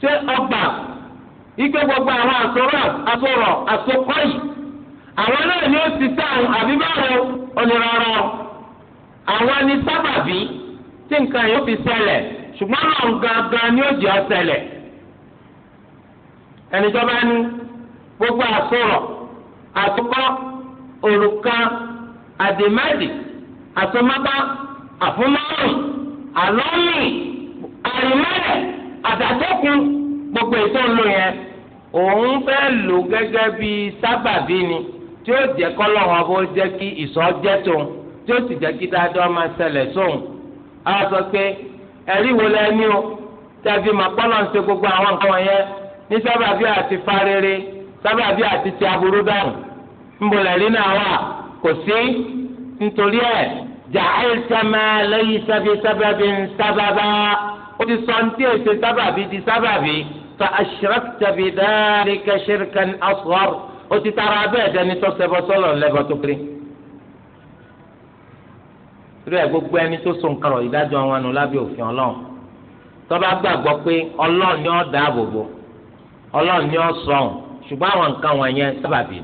ṣé ọgbà gbogbo àwọn àsọ̀rọ̀ àwọn náà ni ó ti sáwọn àbí àwọn ni sábàbí tí fi ṣùgbọ́n àwọn gangan ni ó di ọ̀sẹ̀lẹ̀ ẹni tó bá ní gbogbo àsọ̀rọ̀ àtúkọ́ òrùka àdèmádì àtọmábá àfúnmọ́rùn àlọ́mì àrìmọ́lẹ̀ àtàtọ́kùn gbogbo ètò ńlò yẹn òun fẹ́ lò gẹ́gẹ́ bí sábàbí ni tí ó jẹ́ kọ́lọ́hún abó jẹ́ kí ìsọ́ jẹ́ tóun tí ó sì jẹ́ kí dáadọ́ máa ṣẹlẹ̀ sóun á sọ pé. ẹ̀rí wo lẹ ní o tẹ̀fi mà pọ́nà ń ṣe gbogbo àwọn nǹkan wọ̀nyẹn ní sábàbí àti farere sábàbí àti ti aburú dànù ńbọ̀lẹ̀rí náà wà kò sí nítorí ẹ̀ jàáìsàmà lẹ́yìn sábẹ́ sábàbí ń sábàbá ó ti sọ ní tí èsè sábàbí di sábàbí fa aṣèrèkìtà bìí dáadé kẹsìrìkàn asghar ó ti tara abẹ́ ẹ̀dẹ́ni tó ṣẹbọ sọ́lọ̀ lẹ́bọ̀ tó kiri irú ẹ̀ gbogbo ẹni tó so nǹkan rọ̀ ìdájọ́ wọn nù lábẹ́ òfin ọlọ́run tó bá gbàgbọ́ pé ọlọ́run ni ó dáàbò bò ọlọ́run ni ó sọ̀hún ṣùgbọ́n àwọn nǹkan wọn yẹn sábàbí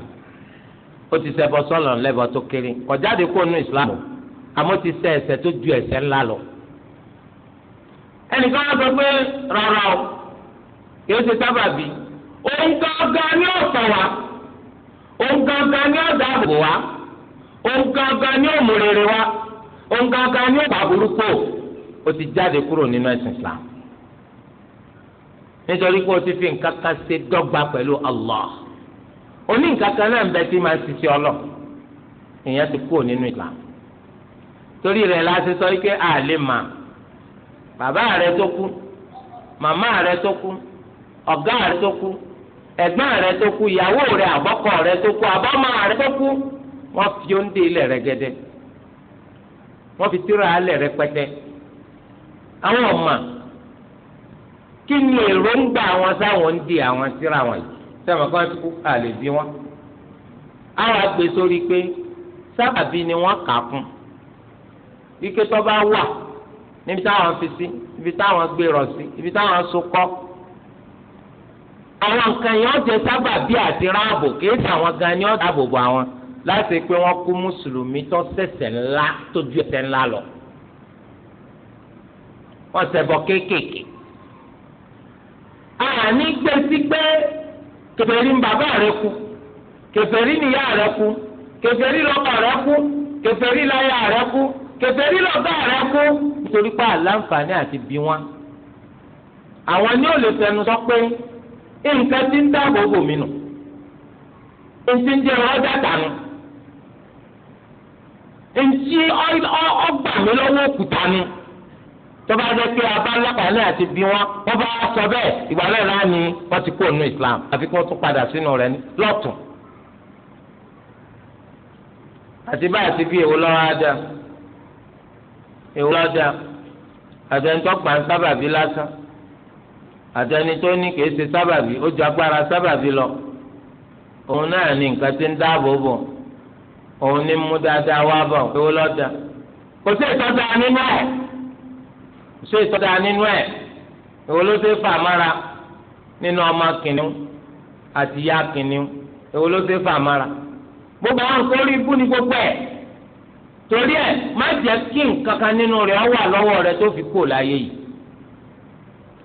ó ti ṣẹbọ sọ́lọ̀ lẹ́bọ tó kéré kọjáde kó nu ìsìlámù àmọ́ ti ṣẹ ẹ̀ṣẹ̀ tó ju ẹ̀ṣẹ̀ ńlá lọ. ẹnìkan sọ pé rárá o kì í sábàbí òun gangan ni ó sọ wa òun gangan ni ó dáàbò wa òun gangan ni ó mú rere wa. ongangan ni ó bá burúkú o ti jáde kúrò nínú ẹ̀sìn Islam nítorí pé o ti fi nǹkan kan ṣe dọ́gba pẹ̀lú Allah O nǹkan kan náà ń bẹ tí máa ń ṣiṣẹ́ ọlọ́ ìyẹn ti kúrò nínú Islam torí rẹ̀ la ṣe sọ pé àlè mà bàbá rẹ̀ tó kú màmá rẹ̀ tó kú ọ̀gá rẹ̀ tó kú ẹ̀gbọ́n rẹ̀ tó kú ìyàwó rẹ̀ àbọ́kọ rẹ̀ tó kú àbọ́mọ rẹ̀ tó kú wọ́n fi ó ilẹ̀ rẹ̀ gẹ́dẹ́ wọ́n fi tíra alẹ̀ rẹpẹtẹ àwọn ọ̀ma kí ni èròǹgbà àwọn sáwọn ń di àwọn tíra wọn yìí sábà kan ti kú àlè bí wọn àwọn àgbè sórí pé sábàbí ni wọ́n kà á kún wíkẹ́ tó bá wà níbi táwọn fi sí ibi táwọn gbèrò sí ibi táwọn so kọ́ àwọn nǹkan yẹn ó jẹ sábàbí àti ráàbò kì í sàwọn gan ni ó dáàbò àwọn láti pé wọ́n kú mùsùlùmí tó ṣẹ̀ṣẹ̀ ńlá tó ju ẹ̀ṣẹ̀ ńlá lọ wọ́n ṣẹbọ kéékèèké àní gbèsè pé kèfèrí ń bàbá rẹ kú kèfèrí níyà rẹ kú kèfèrí lọ́kọ rẹ kú kèfèrí láyà rẹ kú kèfèrí lọ́gá rẹ kú nítorí pé àlàǹfààní àti bí wọn àwọn ni ó lè fẹnu sọ pé nǹkan tí ń dáàbò bò mí nù èsì ń jẹ ọjà dànù ntí ọgbà mi lọ́wọ́ òkúta ni tọ́ba jẹ́ pé abálákàlẹ́ àti bí wọn wọ́n bá sọ bẹ́ẹ̀ ìgbà náà náà ni wọ́n ti kó ònú Islam àfi kí wọ́n tún padà sínú rẹ̀ lọ́tún. àti báyìí ti fi èwo lọ́wọ́ ajá èwo lọ́wọ́ ajá àtẹnitọ́gba ń sábàbí lásán àtẹnitọ́ ní kìí ṣe sábàbí ó ju agbára sábàbí lọ òun náà ní nǹkan tí ń dáàbò bò òun ní mú dáadáa wá bọ̀ owó lọ́dà kò sí ìtọ́jà nínú ẹ̀ kò sí ìtọ́jà nínú ẹ̀ èwo ló ṣe fà nínú ọmọ kìnìún àti ìyá kìnìún èwo ló ṣe fà gbogbo àwọn kórìí ibú ni gbogbo ẹ̀ torí ẹ má jẹ́ kí nǹkan kan nínú rẹ wà lọ́wọ́ rẹ tó fi kó láyé yìí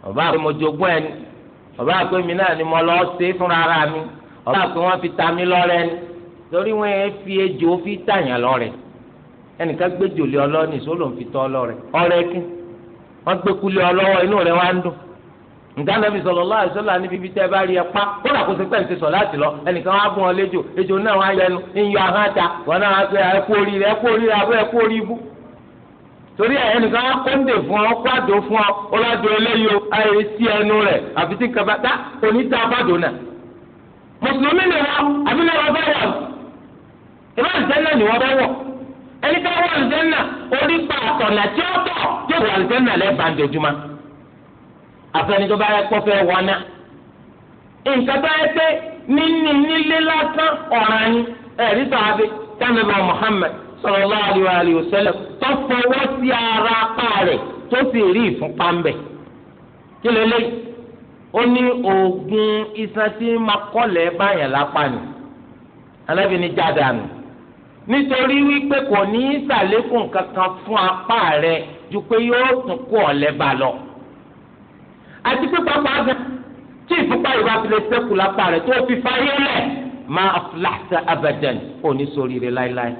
ọba àpè mo jogún ẹni ọba àpè mi náà ni mo lọ ṣe fúnra ara mi ọba àpè wọn fi ta mi lọ́rẹ ni torí wọn yẹn fi ejò fi tàyàn lọ́rẹ̀ ẹnìkan gbé jòlè ọlọ́ọ̀nì sólò ń fi tọ́ ọlọrẹ ọrẹ kí wọn gbé kulẹ̀ ọlọ́wọ́ inú rẹ̀ wá ń dùn nǹkan nàbì sallallahu alaihi wasallam níbi ibi tẹ́ bá rí ẹ pa kó lọ ẹnìkan náà ta wọn náà ẹ kú ẹ kú ẹ kú orí ibú rẹ àfi kaba tá náà mùsùlùmí ìbá àlùjánnà ni wọ́n bá wọ̀ ẹni tó wọ àlùjánnà orí pa àtọ̀nà tí ó tọ̀ tó wọ àlùjánnà lẹ́ẹ̀bà ńdojúmọ́ àfẹni tó bá yẹ kó fẹ́ wọ nǹkan tó yẹ pé níní nílé lásán ọ̀ràn ni ẹ̀rí wa oògùn iṣan tí makọ́lẹ̀ lápá ni alábìíní nítorí wípé kò ní í ṣàlékún kankan fún apá rẹ ju pé yóò tún kó ọ̀lẹ́ bá lọ. àti pé pápá gan tí ìfúnpá ìwà tilẹ̀ sẹ́kù lápá rẹ tó fi fáyé lẹ̀ máa aflahta abadan òní ṣoríire láéláé.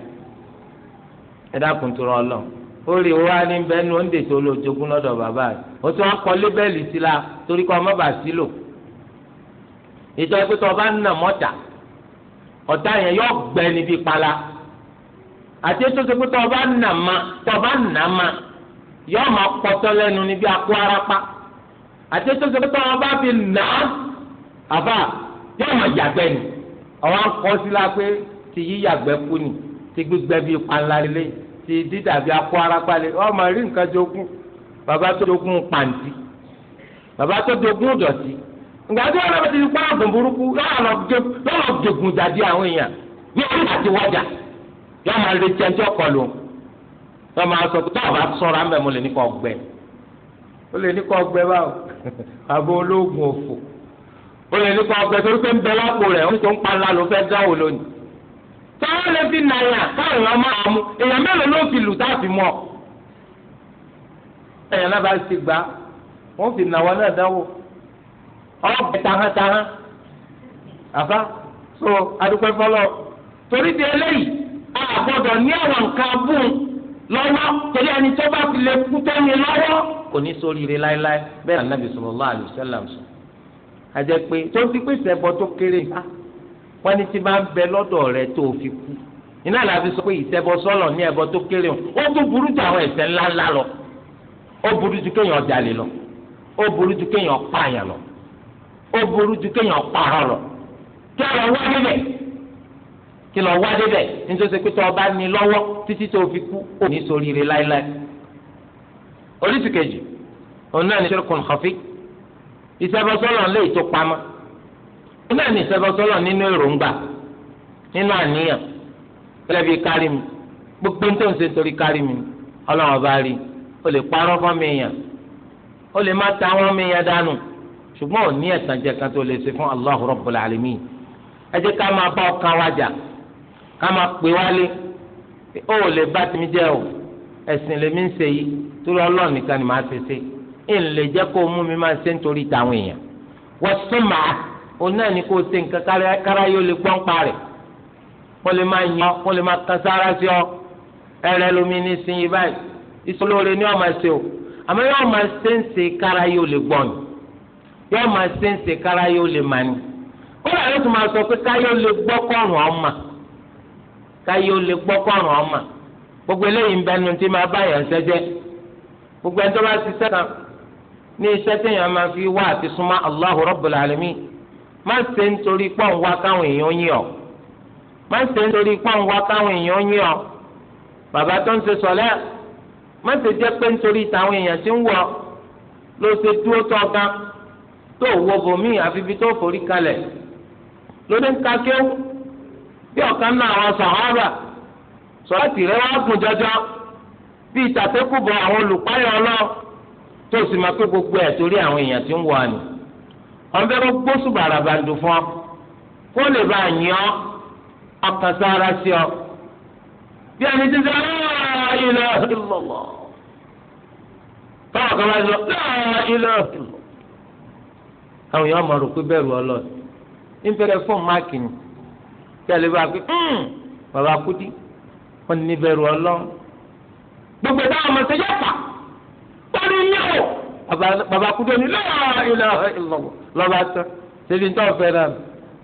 ẹ dákun tó rọ ọlọ́run ó rí wa ní bẹ́ẹ̀ ní oúnjẹ tó lò jogún lọ́dọ̀ bàbá rẹ̀ ó tún akọ lébẹ́lì sí la torí kọ́ ọmọ bà sí lò ìjọ pé tó o bá ń nà mọ́ta ọ̀tá yẹn yọ gbẹ níbi pala àti ètò ìsèpè tó ọba nà má tó ọba nà má yọọ máa pọtọ lẹ́nu níbi akó arapa àti ètò ìsèpè tó ọba fi nà á àbá yọọ máa yàgbẹ́ ni ọwọ́ akọ sí la pé ti yí yàgbẹ́ kú ni ti gbígbẹ́ panla lélẹ̀ ti dídà bi akó arapa lé ọ ma rí nǹkan jogún bàbá tó jogún pàǹtí bàbá tó jogún dọ̀tí bá ti di yọọ máa retí ẹjọ́ kọlù yọọ máa sọ tó ọba sọ̀rọ̀ mo lè ní kọ gbẹ ó lè ní kọ gbẹ báwo àbò ológun òfò ó lè ní kọ gbẹ torí pé ń bẹ lápò rẹ ń palá ló dáwò lónìí lè fi nàyà káwọn èèyàn máa mú èèyàn mélòó ló fi lù táàfin fi náà dáwò a gbọ́dọ̀ ní àwọn nǹkan abúlé lọ́wọ́ torí ẹni tó bá fi lè kú tẹ́ni lọ́wọ́ kò ní ṣoríire láéláé bẹ́ẹ̀ Ànábì sallallahu alaihi wasallam sọ. àjẹ pé tó fi pèsè ẹbọ tó kéré ti máa ń bẹ lọ́dọ̀ rẹ tó fi kú iná làbí sọ pé ìṣẹbọ sọlọ ní ẹbọ tó kéré o ó tún burú ju lọ ó burú ju kéèyàn lọ ó burú ju kéèyàn pààyàn lọ ó burú ju kéèyàn pààrọ̀ lọ kí lọ wá débẹ̀ nítorí pé tó o bá ní lọ́wọ́ títí tó o fi kú ò ní ṣoríire láéláé. oríṣi kejì òun náà ní ṣirkun khafi ìṣẹ́bọsọ́lọ̀ lè tó pamọ́ òun náà ní ìṣẹ́bọsọ́lọ̀ nínú èròǹgbà nínú àníyàn gẹ́gẹ́ bíi kárí mi gbogbo tó ń ṣe torí kárí mi ọlọ́run ọba rí o lè parọ́ fún mi yàn o lè má ta àwọn mi yàn dànù ṣùgbọ́n ò ní ẹ̀tàn jẹ kan tó lè ṣe fún Allahu Rabbul Alamin ẹ ká máa bá ọkàn wa ká máa pè wálé ó lè bá tèmi jẹ́ o ẹ̀sìn lèmi ń ṣe yìí torí ọlọ́run nìkan ni màá ṣe ṣe ń lè jẹ́ kó mú mi máa ṣe nítorí tàwọn èèyàn wọ́n súnmọ́ ọ náà ni kó ṣe nǹkan káráyé ó lè gbọ́n pa rẹ̀ wọ́n lè máa yan wọ́n lè máa kan sára sí ọ ẹ̀rẹ́ lomi ní sinyi báyìí ìṣòlóore ni wọ́n máa ṣe o àmọ́ yóò máa ṣe ń ṣe káráyé ó lè gbọ́n ni yóò máa ṣe ń ṣe káráyé ó lè mà ni ó rà yóò tún máa sọ pé káyé ó lè gbọ́ kọ́rùn káyé ó lè gbọ́ kọ́rùn ọmọ gbogbo eléyìí ń bẹ nu tí máa bá gbogbo ẹni tó bá ti sẹ́ka ní iṣẹ́ máa fi wá àti súnmọ́ Allahu Rabbul Alamin má ṣe nítorí pọ́n wá káwọn èèyàn yín ọ má nítorí pọ́n wá káwọn èèyàn yín ọ bàbá tó ń se sọ̀lẹ́ má ṣe jẹ́ pé nítorí táwọn èèyàn ti ń ló ṣe dúró tó bí ọ̀kan náà àwọn sàhábà sọláàtì rẹ̀ wá gùn jọjọ bí ìtàtẹ́kùbọ̀ àwọn olùpáyọ̀ ọlọ́ tó sì máa pé gbogbo ẹ̀ torí àwọn èèyàn tí ń wọ àná ọ kó lè bá a ọkàn sára sí ọ bí ẹni tí sọ ilẹ̀ kan bá sọ ilẹ̀ àwọn èèyàn rò pé bẹ́ẹ̀ ọ lọ ní fún máàkì ni. kẹlẹ bá pé hmm, bàbá kudi wọn ní bẹ̀rù Ọlọ́run gbogbo táwọn ọmọ ṣe yàtà wọn ní yẹ o bàbá kudi ni lọ́wọ́ ilẹ̀ ìlọ́wọ́ lọ́ba tán ṣébi tó fẹ́ náà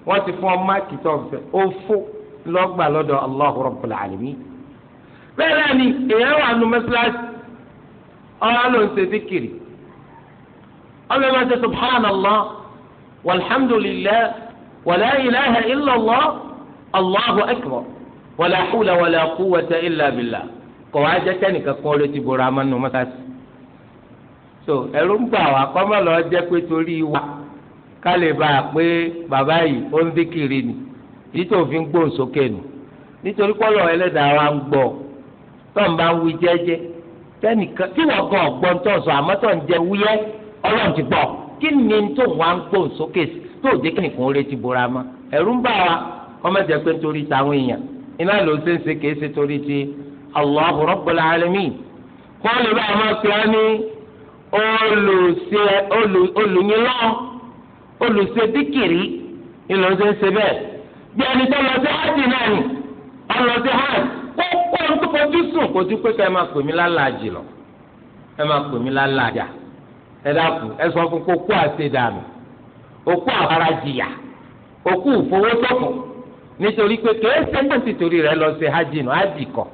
wọ́n ti fún ọ máàkì tó fẹ́ ó fó lọ́gbà lọ́dọ̀ Allahu Rabbul bẹ́ẹ̀ náà ni èèyàn wà nù mẹ́sàlásì ọ̀rọ̀ ló ń ṣe síkìrì ọ̀rọ̀ ló ń ṣe subhanallah walhamdulillah wala ilaha illallah allahu akbar wala hula wala quwwata illa billah kọ̀ wá jẹ́ kẹ́nìkan kan ló ti bora amánu mọ́tàsí. so ẹ̀rú ń gbà wá kọ́ mọ́ lọ jẹ́ pé torí wa ká lè bá a pé bàbá yìí ó ń díkìrì ni yìí tó fi ń gbóhùn sókè nù nítorí pọ́lọ̀ ẹlẹ́dàá wa ń gbọ́ tó ń bá ń wí jẹ́jẹ́ kẹ́nìkan tí wọ́n gan ọ̀gbọ́n tó sọ àmọ́ tó ń jẹ wúyẹ́ ọlọ́run ti gbọ́ kí ni tó wá ń gbóhùn sókè tó jẹ́ kẹ́nìkan ó lè bora amá ẹ̀rú ń bà wá kọ́mẹ́jẹ pé torí táwọn èèyàn iná ló ṣe ń ṣe kìí ṣe torí ti Allahu Rabbul Alamin kọ́ lè bá àwọn ní olùyìnlọ́ olùṣèdíkìrì ìlú ṣe ń ṣe bẹ́ẹ̀ bí ẹni tó lọ sí hajj náà ni ọlọ sí hajj kó kó tó fojú sùn kó pé ká ẹ máa pè mí lọ ẹ máa pè nítorí pé kèé sẹ́gbọ̀n sì torí rẹ̀ lọ sí hajj nù hajj kọ̀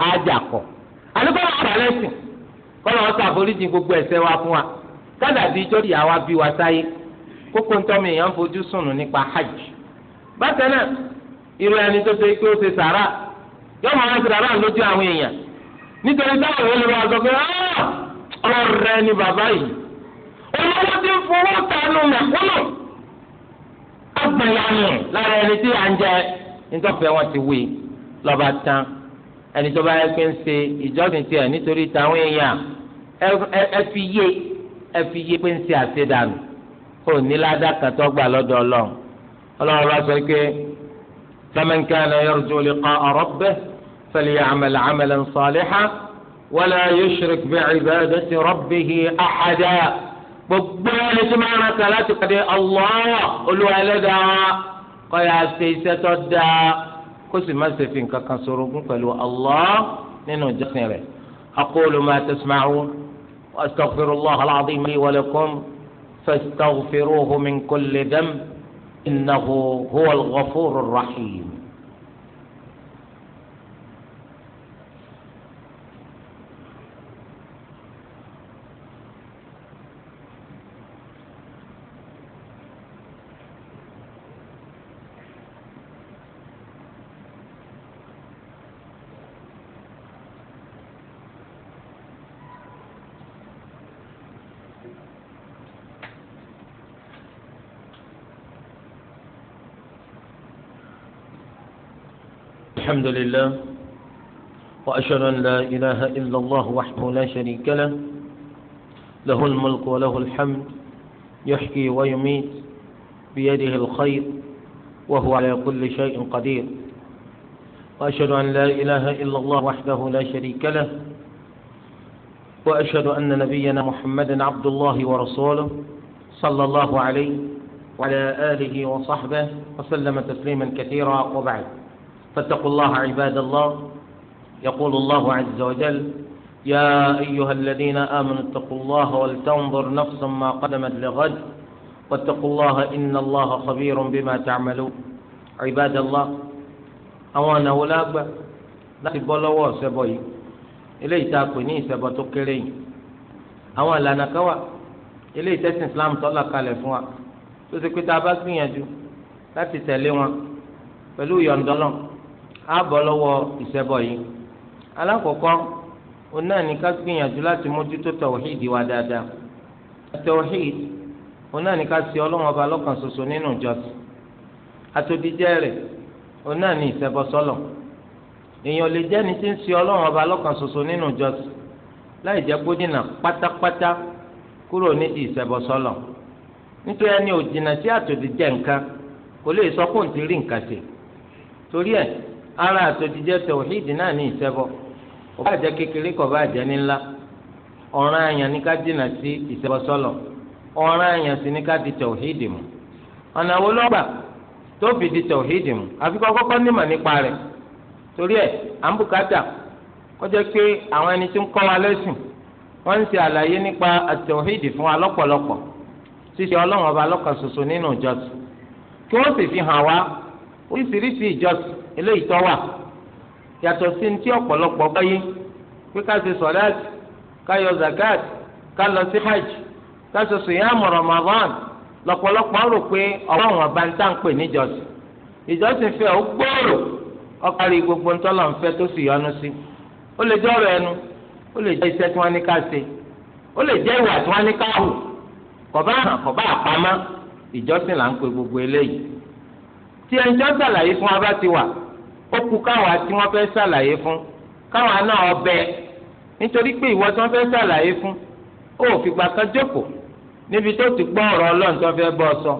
hajj kọ̀ àlùkò gbogbo ese wa fún wa kádà bíi jọ́rì àwa Koko wa sáyé kókó ń nipa èèyàn fojú sùnù nípa hajj bákan náà irú ẹni tó ṣe ó ṣe sàrà yóò máa ṣe sàrà lójú àwọn èèyàn nítorí táwọn sọ pé ah, ni bàbá yìí olówó ti fowó gbọ̀n yanu lára ẹni tí à ń jẹ nítọ́fẹ́ wọn ti wí lọ́ba tán ẹni tó bá yẹ pé ń ṣe ìjọsìn tiẹ̀ nítorí táwọn èèyàn ẹ fi yé ẹ fi yé pé ń ṣe àṣedànù kò ní ládàkà tó gbà lọ́dọ̀ ọlọ́run ọlọ́run bá sọ pé faman kana yarju liqa'a rabbih falya'mal 'amalan salihan wala yushrik bi'ibadati rabbih ahada gbogbo ẹni tí máa ń raka láti pàdé Allah olúwa ẹlẹ́dàá kó yá ṣe iṣẹ́ tó dáa kó sì má ṣe fi nǹkan kan sorogún pẹ̀lú Allah nínú ìjọsìn rẹ̀ aqulu ma tasma'un wa astaghfirullah al-azim li wa lakum fastaghfiruhu min kulli dhanb innahu huwal ghafurur rahim. الحمد لله وأشهد أن لا إله إلا الله وحده لا شريك له له الملك وله الحمد يحيي ويميت بيده الخير وهو على كل شيء قدير وأشهد أن لا إله إلا الله وحده لا شريك له وأشهد أن نبينا محمدا عبد الله ورسوله صلى الله عليه وعلى آله وصحبه وسلم تسليما كثيرا وبعد فاتقوا الله عباد الله يقول الله عز وجل يا أيها الذين آمنوا اتقوا الله ولتنظر نفس ما قدمت لغد واتقوا الله إن الله خبير بما تعملون عباد الله أوانا ولا أبا لا تبولوا سبوي إليه تاكوني سبتو كريم أوانا لا كوا إليه تسن إسلام طلع كالفوا تسكت أبا سنيا جو لا تتلوا pẹ̀lú يندلون àbọ̀ lọ́wọ́ ìṣẹ́bọ̀ yìí alákọ̀ọ́kọ́ òun náà ní ká gbìyànjú láti mójútó tọ̀wọ̀hídì wa dáadáa tọ̀wọ̀hídì òun náà ní ká ṣe ọlọ́wọ́n ọba lọ́kàn ṣoṣo nínú ìjọsìn atòdíjẹ́ rẹ̀ òun náà ní èèyàn lè jẹ́ ni tí ń ṣe ọlọ́wọ́n ọba lọ́kàn ṣoṣo nínú ìjọsìn láì jẹ́ kó pátápátá kúrò nídìí ìṣẹ́bọ nítorí ẹni òjìnà sí nǹkan ara àtòjíjẹ tẹwàhídì náà ní ìṣẹbọ kò bá jẹ kékeré kò bá jẹ ní ńlá ọ̀ràn àyàn ní ká dènà sí ìṣẹbọ sọlọ ọ̀ràn àyàn sì ní ká di tẹwàhídì mu ọ̀nà wo lọ́gbà tó fi di tẹwàhídì mu àfi kọ́ kọ́kọ́ nímọ̀ nípa rẹ̀ torí ẹ̀ à ń bùkátà ó jẹ́ pé àwọn ẹni tí ń kọ́ wa lẹ́sìn wọ́n ń ṣe àlàyé nípa àtẹwàhídì fún wa lọ́pọ̀lọpọ̀ eléyìí tó wà yàtọ̀ sí ní tí ọ̀pọ̀lọpọ̀ báyé pé ká ṣe sọ̀láàt ká yọ zakat ká lọ sí hajj ká ṣe sùyàmù ramadan lọ̀pọ̀lọpọ̀ rò pé ọwọ́ àwọn bá ń tà ń pè níjọsìn ìjọsìn fẹ́ ó gbòòrò ọkàrí gbogbo ń tọ́lọ̀ ń fẹ́ tó sì yọnu sí ó lè jẹ́ ọ̀rọ̀ ẹnu ó lè jẹ́ iṣẹ́ tí wọ́n ní ká ṣe ó lè jẹ́ ìwà tí wọ́n ní ká hù kọ̀bá gbogbo eléyìí tí ẹnjọ́ ó kú káwa tí wọ́n fẹ́ ṣàlàyé fún káwa náà ọbẹ nítorí pé ìwọ tí wọn fẹ ṣàlàyé fún ó fìgbà kan jókòó níbi tó ti gbọ́ ọ̀rọ̀ ọlọ́run tó fẹ́ bọ́ sọ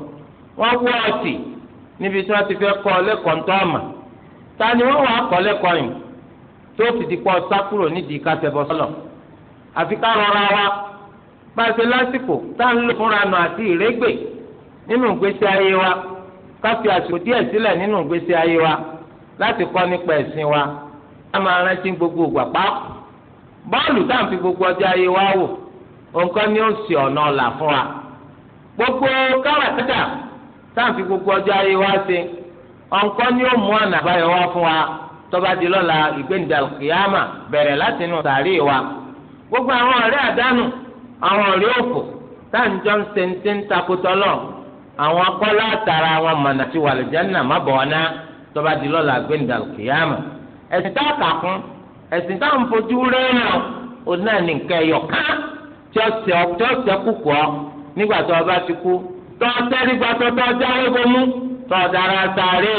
wọ́n wọ́ ọtì níbi tí wọ́n ti fẹ́ kọ́ lẹ́kọ̀ọ́ ntọ́ àmà ta ni wọ́n wàá kọ́ lẹ́kọ̀ọ́ yìí tó ti di pọ́ sá kúrò nídìí kásẹ̀bọ sọ́lọ̀ àfi ká rọra wa bá lásìkò tá à ń lò fúnra nù àti ìrégbè nínú ìgbésí ayé wa ká fi àsìkò díẹ̀ sílẹ̀ nínú ìgbésí ayé wa. láti kọ́ nípa ẹ̀sìn wa a máa rántí gbogbo ògbà Bọọlụ bọ́ọ̀lù tá à ń fi gbogbo ọjọ́ ayé wa wò nǹkan ni ó sì ọ̀nà ọ̀là fún wa gbogbo káràkátà tá à ń fi gbogbo ọjọ́ ayé wa ṣe nǹkan ni ó mú ọ̀nà àbáyọ wa fún wa tó di lọ́la ìgbéǹda kìámà bẹ̀rẹ̀ láti inú sàárè wa gbogbo àwọn ọ̀rẹ́ àdánù àwọn ọ̀rẹ́ òfò tá à ń jọ tọba di lọ́la gbẹndàlù kìyàmù ẹ̀sìn tá a kà kún ẹ̀sìn tá a ń fojú rẹrẹ o náà ní nǹkan ẹyọ kán tí ọsẹ tí ọsẹ kúkú ọ nígbà tó ọba ti kú tó ọsẹ nígbà tó tó ọjà rẹgbẹmú tó ọdara sáré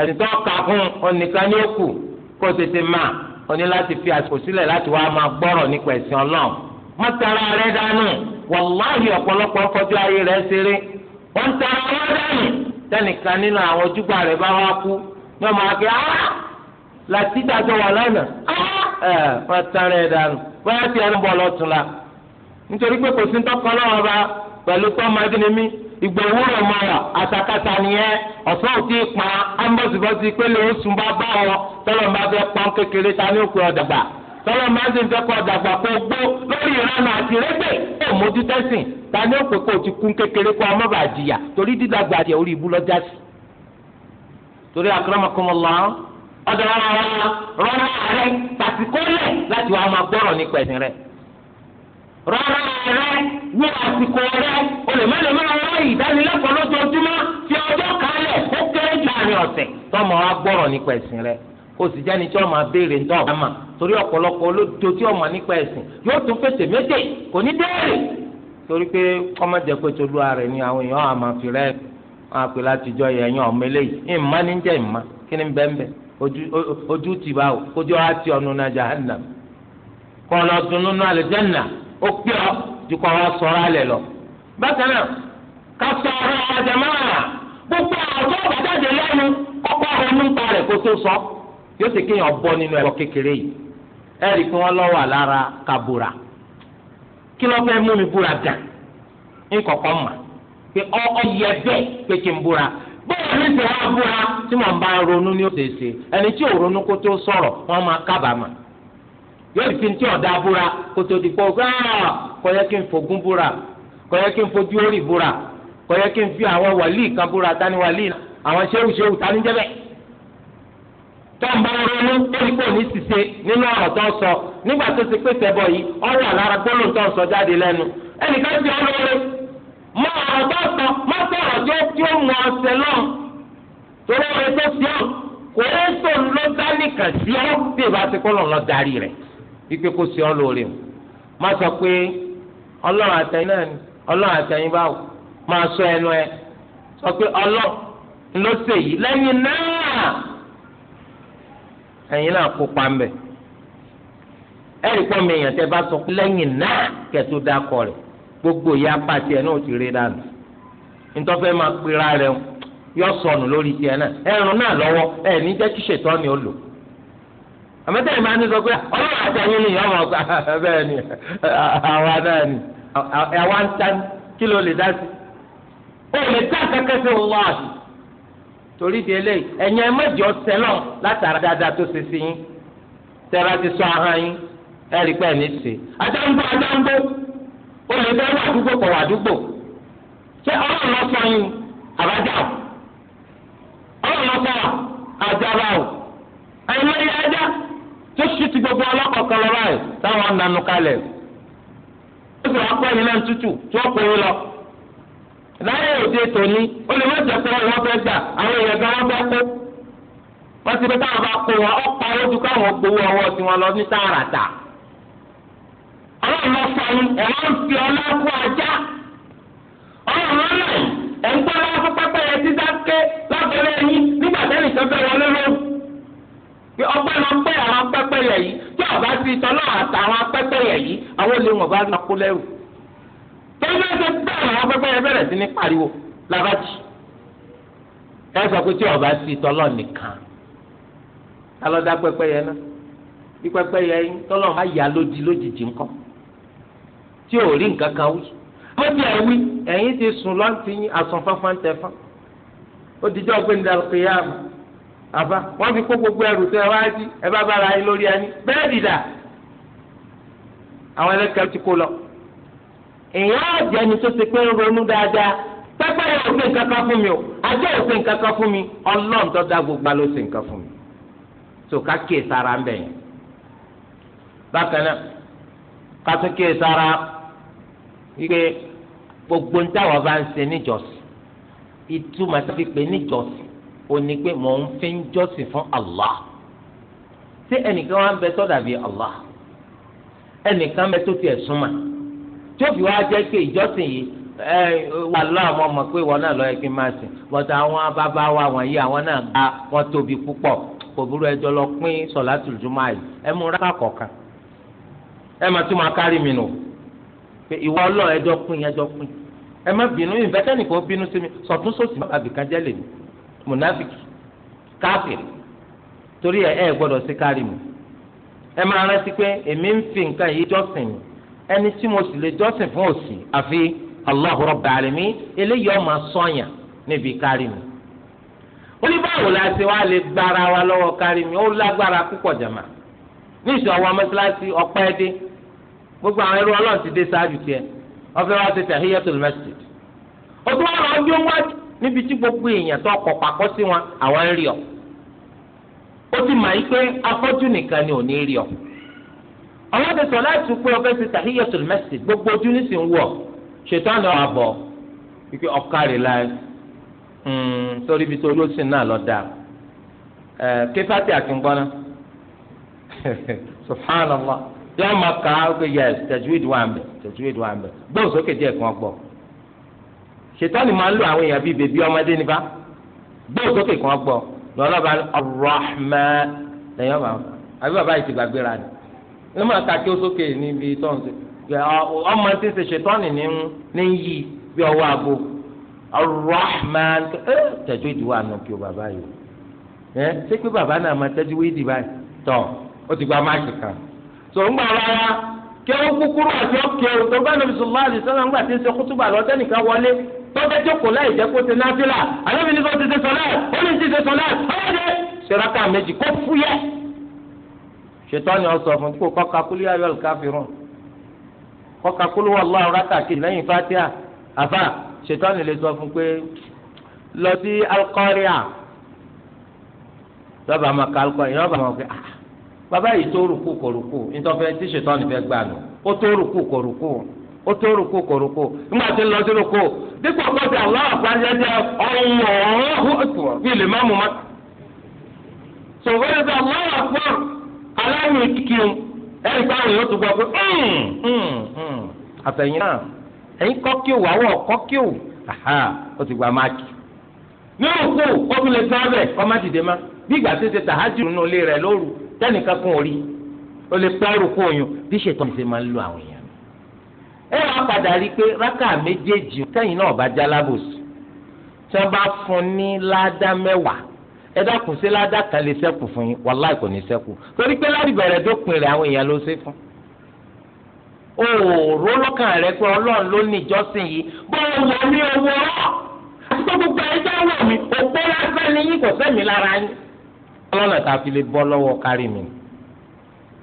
ẹ̀sìn tó kà kún onìkan ní òkú kó tètè má oní láti fi àsìkò sílẹ̀ láti wá máa gbọ́rọ̀ nípa ẹ̀sìn Ọlọ́run mọ́tara rẹ dánú wàláhì ọ̀pọ̀lọpọ̀ fọjú ayé rẹ ṣeré wọ́n tara rẹ dánú tẹnìkan nínú àwọn ojúgbà rẹ̀ bá wá kú yóò máa kí á láti dájọ́ wà lánàá á ẹ̀ wọ́n tẹ́rẹ̀ ẹ̀ dànù bóyá tí ẹ̀ ń la nítorí pé kò sí tọkọ lọ́wọ́ bá pẹ̀lú tọ́mọdé ni mí ìgbòho rẹ̀ mọ̀ àtàkàtà nìyẹn ọ̀sán ò pa ámbọ̀sibọ́sí pé lè ó sùn tọ́lọ́ máa ń ṣe kọ́ dàgbà kó gbó lórí ìranà àti rẹ́gbẹ̀ ta ni ó pè kó o ti kún kékeré kó ọmọ bàá jìyà torí dídàgbà àti orí ibú lọ́jà sí. torí akramakumullah ọ̀dọ̀ rárá rárá rẹ láti wàá máa gbọ́rọ̀ nípa ẹ̀sìn rẹ. rárá rẹ àsìkò rẹ olèmọ́lèmọ́ rárá ìdánilẹ́kọ̀ọ́ lójoojúmọ́ fi ọjọ́ kalẹ̀ ó kéré kó sì jẹ́ni tí wọ́n beere ntọ. ama torí ọ̀pọ̀lọpọ̀ olódo tí wọ́n nípa ẹ̀sìn yóò tún fèsì méjì kò ní béèrè torí pé kọ́mọ̀jẹ pé tolú ara ẹni àwọn èèyàn fi wọn àpè látijọ́ yẹ ẹ̀yàn ọ̀mọ eléyìí ìmọ̀ ní jẹ́ ìmọ̀ kí ni bẹ́ẹ̀ ojú ti bá o ojú á ti ọ̀nù náà kọ́ ọ ju kọ́ yóò ti kéèyàn bọ́ nínú ẹ̀rọ kékeré yìí ẹ rí i pé wọ́n lọ́wọ́ lára kabura kí ló fẹ́ mú mi búra dàn ní kọ̀kọ́ mà pé ọ yẹ bẹ́ẹ̀ pé kí n búra bẹ́ẹ̀ ní ti wá búra tí mò ń bá ronú ní òṣèṣe ẹni tí ò ronú kó tó sọ̀rọ̀ wọ́n máa kábàámà yóò fi tí ọ̀dà búra kó tó di pọ̀ gbáà kò yẹ kí n fògún búra kò yẹ kí n fojú orí búra kò yẹ kí n fi àwọn wàlíì kan búra tani wàlíì àwọn ṣéwùṣéwù tani jẹ́ bẹ́ẹ̀ tọ́ǹbà ronú eríkò ní ṣiṣe nínú ọ̀rọ̀ tó ń sọ nígbà tó ti pèsè bọ̀ yìí ọ̀rọ̀ àlára tó ń sọ jáde lẹ́nu ẹnìkan ti ọ̀rọ̀ rẹ̀ mọ ọ̀rọ̀ tó sọ mọ tó tí ó mọ ọ̀sẹ̀ torí ọ̀rẹ́ tó ti ọ̀ kò ló sí ọ́ bí ìbá ti kọ́ lọ́n lọ darí rẹ̀ wípé kó sí o má sọ pé ẹ̀yin náà kópa ń bẹ̀ ẹ̀rí mi èèyàn tẹ́ bá sọ lẹ́yìn náà gbogbo ìyá pàtì náà ti rí dànù ntọ́fẹ́ máa pera rẹ̀ yọ sọnù lórí tiẹ̀ náà ẹ̀rùn náà lọ́wọ́ ẹ̀ ní jẹ́ kí ṣètọ́ ni ó lò àmọ́tẹ́ ìmọ̀ àti sọ pé ọlọ́run àti ẹ̀yin ni bẹ́ẹ̀ ni àwa náà ni ń tán kí ló lè dá sí. lè kẹ́kẹ́ sí torí di eléyìí ẹ̀yin ẹ mẹ́jọ ọ̀sẹ̀ náà látara dáadáa tó ṣe sí yín ti sọ ahọ́n yín rí pẹ́ ní ṣe. adáńgbó adáńgbó ó àdúgbò pọ̀ wà àdúgbò ṣé ọlọ́run lọ sọ yín àbájá o ọlọ́run lọ sọ àjàrà o tó ṣí ti gbogbo ọlọ́kọ̀ kan lọ́wọ́ ẹ̀ táwọn kalẹ̀ ó sì wá pẹ́ yín náà tútù láyé òde tòní ó lè má jẹ́ pé wọ́n fẹ́ gbà àwọn èèyàn gan wọ́n fẹ́ kó wọ́n ti rí káwọn bá kó wọn ojú káwọn gbowó ọwọ́ tiwọn lọ ní lọ fọyín ń fi ajá ń fún pápá yẹn ti dáké lábẹ́rẹ́ yín nígbà tẹ́lẹ̀ tó bẹ̀rẹ̀ ọlọ́run pé ọgbẹ́ lọ pé àwọn pẹ́pẹ́yẹ yìí tí ọ̀bá ti àtàwọn yìí àwọn olè wọn bá nàkó lẹ́rù tẹ́lẹ̀ tó bẹ́ẹ̀ làwọn pẹ́pẹ́ yẹn bẹ̀rẹ̀ sí ní pariwo labati ẹ sọ pé tí ọba sí tọ́lọ̀ nìkan alọ́dá pẹ́pẹ́ yẹn náà bí pẹ́pẹ́ yẹn tọ́lọ̀ bá yà lójì lójijì ńkọ́ tí ò rí nǹkan kan wí ó ti ẹ̀ wí ẹ̀yìn ti sùn lọ́ntì yín àsùn fánfán tẹ fán ó ti jẹ́ ọ̀gbẹ́ni dàlùkìyàmù àbá wọ́n fi kó gbogbo ẹrù tó ẹ wá sí ẹ bá bára yín lórí ẹni bẹ́ẹ̀ dìdà àwọn ẹlẹ́kẹ̀ẹ́ ti kó lọ èèyàn ọ̀jẹ̀ ni tó ti pé ń ronú dáadáa pẹ́pẹ́ yẹn ò sí nǹkan kan fún mi o ajé ò sí nǹkan kan fún mi ọlọ́run tó dá gbogbo ló sí nǹkan fún mi tó ká kíyè sára ń bẹ̀ yẹn bákan náà ká tún kíyè sára wípé gbogbo ń táwọn bá ń ṣe níjọsìn ìtumọ̀ tó fi pé níjọsìn ó ní pé mò ń fi ń jọ́sìn fún Allah ṣé ẹnìkan wá ń bẹ tó dàbí Allah ẹnìkan bẹ tó tiẹ̀ súnmọ́ tí ó fi wá jẹ́ pé ìjọsìn yìí ẹ wà láwọn ọmọ pé wọn náà lọ́ọ́ kí n máa sìn bọ́tà àwọn bàbá wa wọ̀nyí àwọn náà gba wọn tóbi púpọ̀ kò burú ẹjọ́ lọ pín sọ̀látùl jumu'ah yìí ẹ mú rákà kọ̀ọ̀kan ẹ máa tún máa kárí mi nù pé ìwọ ọlọ́ọ̀ ẹjọ́ pín ẹjọ́ pín ẹ má bínú ìfẹ́tẹ́nì kò bínú sí mi sọ̀tún sòsì má bàbí kan jẹ́ lèmi mùnáfìkì káfìrì torí ẹ ẹ gbọ́dọ̀ sí kárí mi ẹ máa rántí pé èmi ń fi nǹkan yìí jọ́sìn mi ẹni tí mo sì lè jọ́sìn fún òsì àfi Allahu Rabbil Alamin eléyìí ọmọ níbi kárí mi ó ní báwo la ṣe wá lè lọ́wọ́ kárí mi ó lágbára púpọ̀ jàmà ní ìṣòwò àwọn ọ̀pá gbogbo àwọn ẹrú ọlọ́run ti dé gbogbo èèyàn tó ọ ó ti mà yí pé afọ́jú nìkan ni ò ní rí ọ àwọn ti sọ láti pé ọfẹ ti tahiyatul masjid gbogbo ojú ní sì ń wọ ṣètàn náà àbọ wípé ọkàrí la hmm, sórí ibi tó olóṣìn náà lọ dáa kéfàtì àkíngbọ́nà subhanallah yọọ ma kà á pé yẹs tajwid wà mbẹ tajwid wà mbẹ gbọ́n sókè díẹ̀ kí wọ́n gbọ́ ṣètàn máa ń lo àwọn èèyàn bíi bèbí ọmọdé nípa gbọ́n sókè kí wọ́n gbọ́ lọ́lọ́ba ọ̀rọ̀ àmà lẹ́yìn ọ̀bà àbí bàbá yìí ti gbàgbéra ni ní ma ka kí o sókè níbi tọ́ǹsì ọmọ tí ń ṣe ṣètọ́nì ní ń yí bí ọwọ́ abo Ar-Rahman ẹ tẹ̀jú ìdíwọ́ àná kí o bàbá yìí ẹ ṣé pé bàbá náà máa tẹ́jú ìdí báyìí tọ̀ ó ti gba máàkì kan tó ń gbà rárá kí o kúkúrú àti ọkẹ o tó bá nàbì sọlá àti sọlá ńgbà tí ń ṣe kútùbà lọ́tẹ́nìkan wọlé tọ́jú jókòó láì jẹ́ kó ti náfìlà àlẹ́ mi ní kó ti ṣe sọlá ó ní ti ṣe sọlá ó ní ṣe rákà méjì ṣètọ́ni ọ̀sọ̀ fún kó kọ́ka kúlí ayọ̀ káfírùn kọ́ka kúlú wà lọ́wọ́ rákàkì lẹ́yìn fatia àfà ṣètọ́ni lè sọ fún pé lọ sí alukọ́ríà lọ́ba máa ka alukọ́ríà yọ́n bá máa pẹ́ ah bàbá yìí tó rùkú kòrùkú nítorí tí ṣètọ́ni fẹ́ gbà nù ó tó rùkú kòrùkú ó tó rùkú kòrùkú nígbà tí ń lọ sí rùkú dípò kọ́sì àwọn àpájẹ́jẹ́ ọ̀hún ọ̀hún ọ̀tún láàyè kíkì o ẹni táwọn yóò tún gbọ́ pé hmm, hmm, hmm. àtẹ̀yìn náà ẹ̀yin kọ́ kí o wà wọ̀ kọ́ kí o ó ti gba máàkì. ní òkú o tún lè sọ ọ́bẹ̀ ọmọ dìde má bí ìgbà tó ṣe tàhájú nínú ilé rẹ̀ lóru tẹ́nìkan kún orí o lè pẹ́rù kún oyún bí ṣètò ṣe máa ń lo àwọn èèyàn. ẹ wàá padà rí i pé rákà méjèèjì tẹ́yìn náà bá jálábòsì tí wọ́n bá fún ní ládá mẹ́wàá ẹ dákun sí ládà kan lè sẹ́kù fún yín wàláì kò ní sẹ́kù torí pé láti bẹ̀rẹ̀ dópin rẹ̀ àwọn èèyàn ló ṣe fún òòró lọ́kàn rẹ pé ọlọ́run ló ní ìjọsìn yìí o wọ ní owó àti gbogbo ẹjọ́ wọ̀ mí òpó lásán ni yín kò sẹ́mi lára yín. ọlọ́nà tá a fi lè bọ́ lọ́wọ́ kárí mi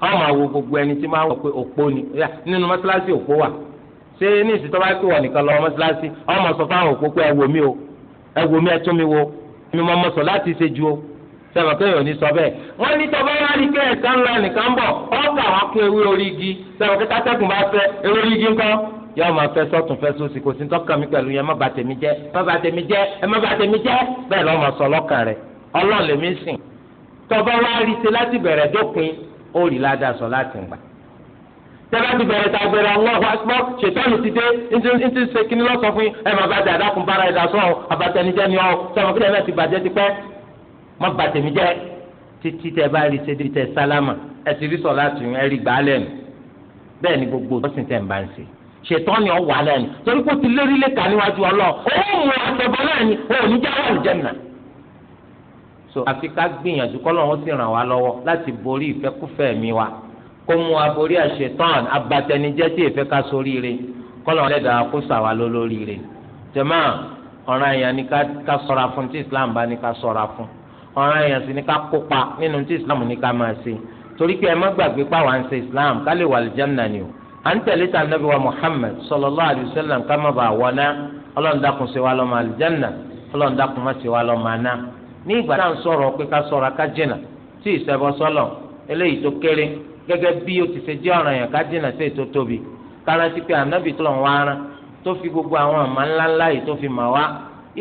wọ́n máa wo gbogbo ẹni tí máa pé òpó ni nínú mọ́ṣáláṣí òpó wà ṣé ní ìsìtọ́ bá wọ̀ nìkan sọ fáwọn òpó ẹ wò mí o mi mi mo mọ sọ láti ṣe ju o sẹ́wọ̀n kéèyàn ní sọ bẹ́ẹ̀ wọ́n ní tọ́ba yá ni kéèyàn kan lọ nìkan bọ̀ ọ̀ọ́kà wọn kún ewé orí igi sẹ́wọ̀n kí tátẹ́kùn bá fẹ́ ewé orí igi ńkọ́ yọ máa fẹ́ sọ́tún fẹ́ sósì kò sí tọ́kàn mi pẹ̀lú yẹn má bà tèmi jẹ́ má bà tèmi jẹ́ ẹ má bà tèmi jẹ́ bẹ́ẹ̀ lọ́ọ́ máa sọ lọ́kàn rẹ̀ ọlọ́ọ̀lẹ́mí sìn tọ́ba wá ṣe láti bẹ̀rẹ̀ dópin ó rí ládàá sọ láti gbà tẹ́lá ti bẹ̀rẹ̀ ta gbẹ̀rẹ̀ ọlọ́hu akpọ́ ṣètọ́nù ti dé ní ti ṣe kíní lọ́sọ̀ fún yín ẹ̀ máa bá dàda kún bára ẹ̀dá sọ̀rọ̀ abatẹnijẹ́ ni ọ sọ̀rọ̀ kí tẹ̀lá ti bàjẹ́ ti pẹ́ má bà tèmi jẹ́ títí tẹ bá rí ṣe tẹ sálámà ẹ ti rí sọ̀rọ̀ láti yún ẹ rí gbà lẹ́nu bẹ́ẹ̀ ni gbogbo ọ̀sìn tẹ̀ ń bá ń ṣe ṣètọ́nù ọ wà lẹ́nu torí kó ti lérí lè kà níwájú ọlọ́ so àfi ká gbìyànjú kọ́ lọ́wọ́ sì ràn wá lọ́wọ́ láti borí ìfẹ́kúfẹ̀ẹ́ mi wa kó mú aborí àṣetán abatẹnijẹ́ tí èfẹ́ ká soríire kọ́lọ̀ lẹ́dà kó sàwà lólóríire jàmá ọ̀ràn èèyàn ni ká sọ̀ra fún tí islam bá ní ká sọ̀ra fún ọ̀ràn èèyàn sì ní ká kópa nínú tí islam ní ká máa ṣe torí pé ẹ má gbàgbé pàwọ́ à ń ṣe islam ká lè wà lìjánà ni o à ń tẹ̀lé ta nabi wa muhammad sallallahu alayhi wa sallam ká má bàa wọná ọlọ́run dákun ṣe wá lọ́mọ àlìjánà ọlọ́run dákun má ṣe wá lọ́mọ àná ní ìgbà tá à ń sọ̀rọ̀ pé ká sọ̀ra ká jìnà tí ìṣẹ́bọ sọ́lọ̀ eléyìí tó kéré gẹ́gẹ́ bí o ti ṣe jẹ́ ọ̀ràn yẹn ká dínà sí ètò tóbi kárántí pé ànábì tó lọ́n wá rán tó fi gbogbo àwọn àmà ńláńlá yìí tó fi mà wá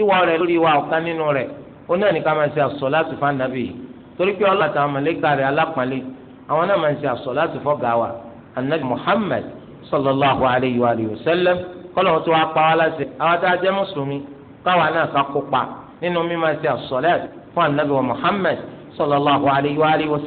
ìwà rẹ̀ lórí wa ọ̀kan nínú rẹ̀ ó náà ní ká máa ṣe àsọ̀látù fún ànábì yìí torí pé ọlọ́ọ̀tà àwọn mọ̀lẹ́kà rẹ̀ àwọn náà máa ń ṣe àsọ̀látù fọ́gà wa ànábì Muhammad sallallahu alayhi wa sallam kọ́lọ̀ tó wá pa wá láṣẹ àwọn tá a jẹ́ mùsùlùmí káwa náà ká kópa Muhammad sallallahu alayhi wa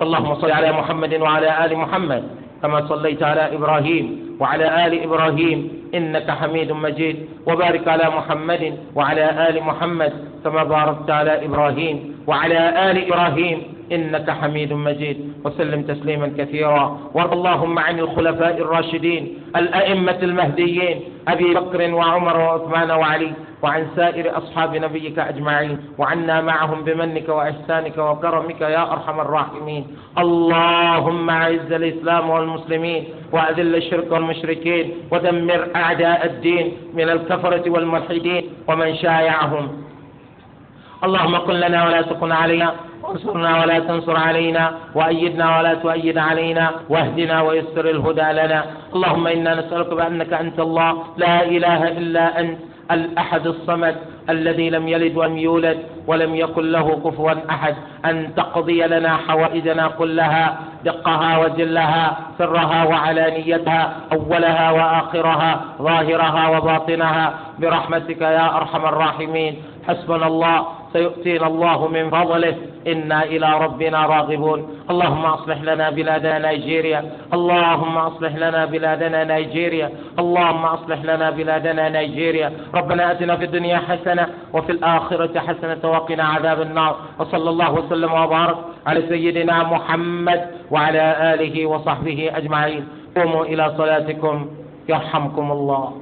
فاللهم صل على محمد وعلى آل محمد كما صليت على إبراهيم وعلى آل إبراهيم إنك حميد مجيد وبارك على محمد وعلى آل محمد كما باركت على إبراهيم وعلى آل إبراهيم إنك حميد مجيد وسلم تسليما كثيرا وارض اللهم عن الخلفاء الراشدين الأئمة المهديين أبي بكر وعمر وعثمان وعلي وعن سائر أصحاب نبيك أجمعين وعنا معهم بمنك وإحسانك وكرمك يا أرحم الراحمين اللهم أعز الإسلام والمسلمين وأذل الشرك والمشركين ودمر أعداء الدين من الكفرة والملحدين ومن شايعهم اللهم كن لنا ولا تكن علينا وانصرنا ولا تنصر علينا وأيدنا ولا تؤيد علينا واهدنا ويسر الهدى لنا اللهم إنا نسألك بأنك أنت الله لا إله إلا أنت الأحد الصمد الذي لم يلد ولم يولد ولم يكن له كفوا أحد أن تقضي لنا حوائجنا كلها دقها وجلها سرها وعلانيتها أولها وآخرها ظاهرها وباطنها برحمتك يا أرحم الراحمين حسبنا الله سيؤتينا الله من فضله إنا إلى ربنا راغبون اللهم أصلح لنا بلادنا نيجيريا اللهم أصلح لنا بلادنا نيجيريا اللهم أصلح لنا بلادنا نيجيريا ربنا أتنا في الدنيا حسنة وفي الآخرة حسنة وقنا عذاب النار وصلى الله وسلم وبارك على سيدنا محمد وعلى آله وصحبه أجمعين قوموا إلى صلاتكم يرحمكم الله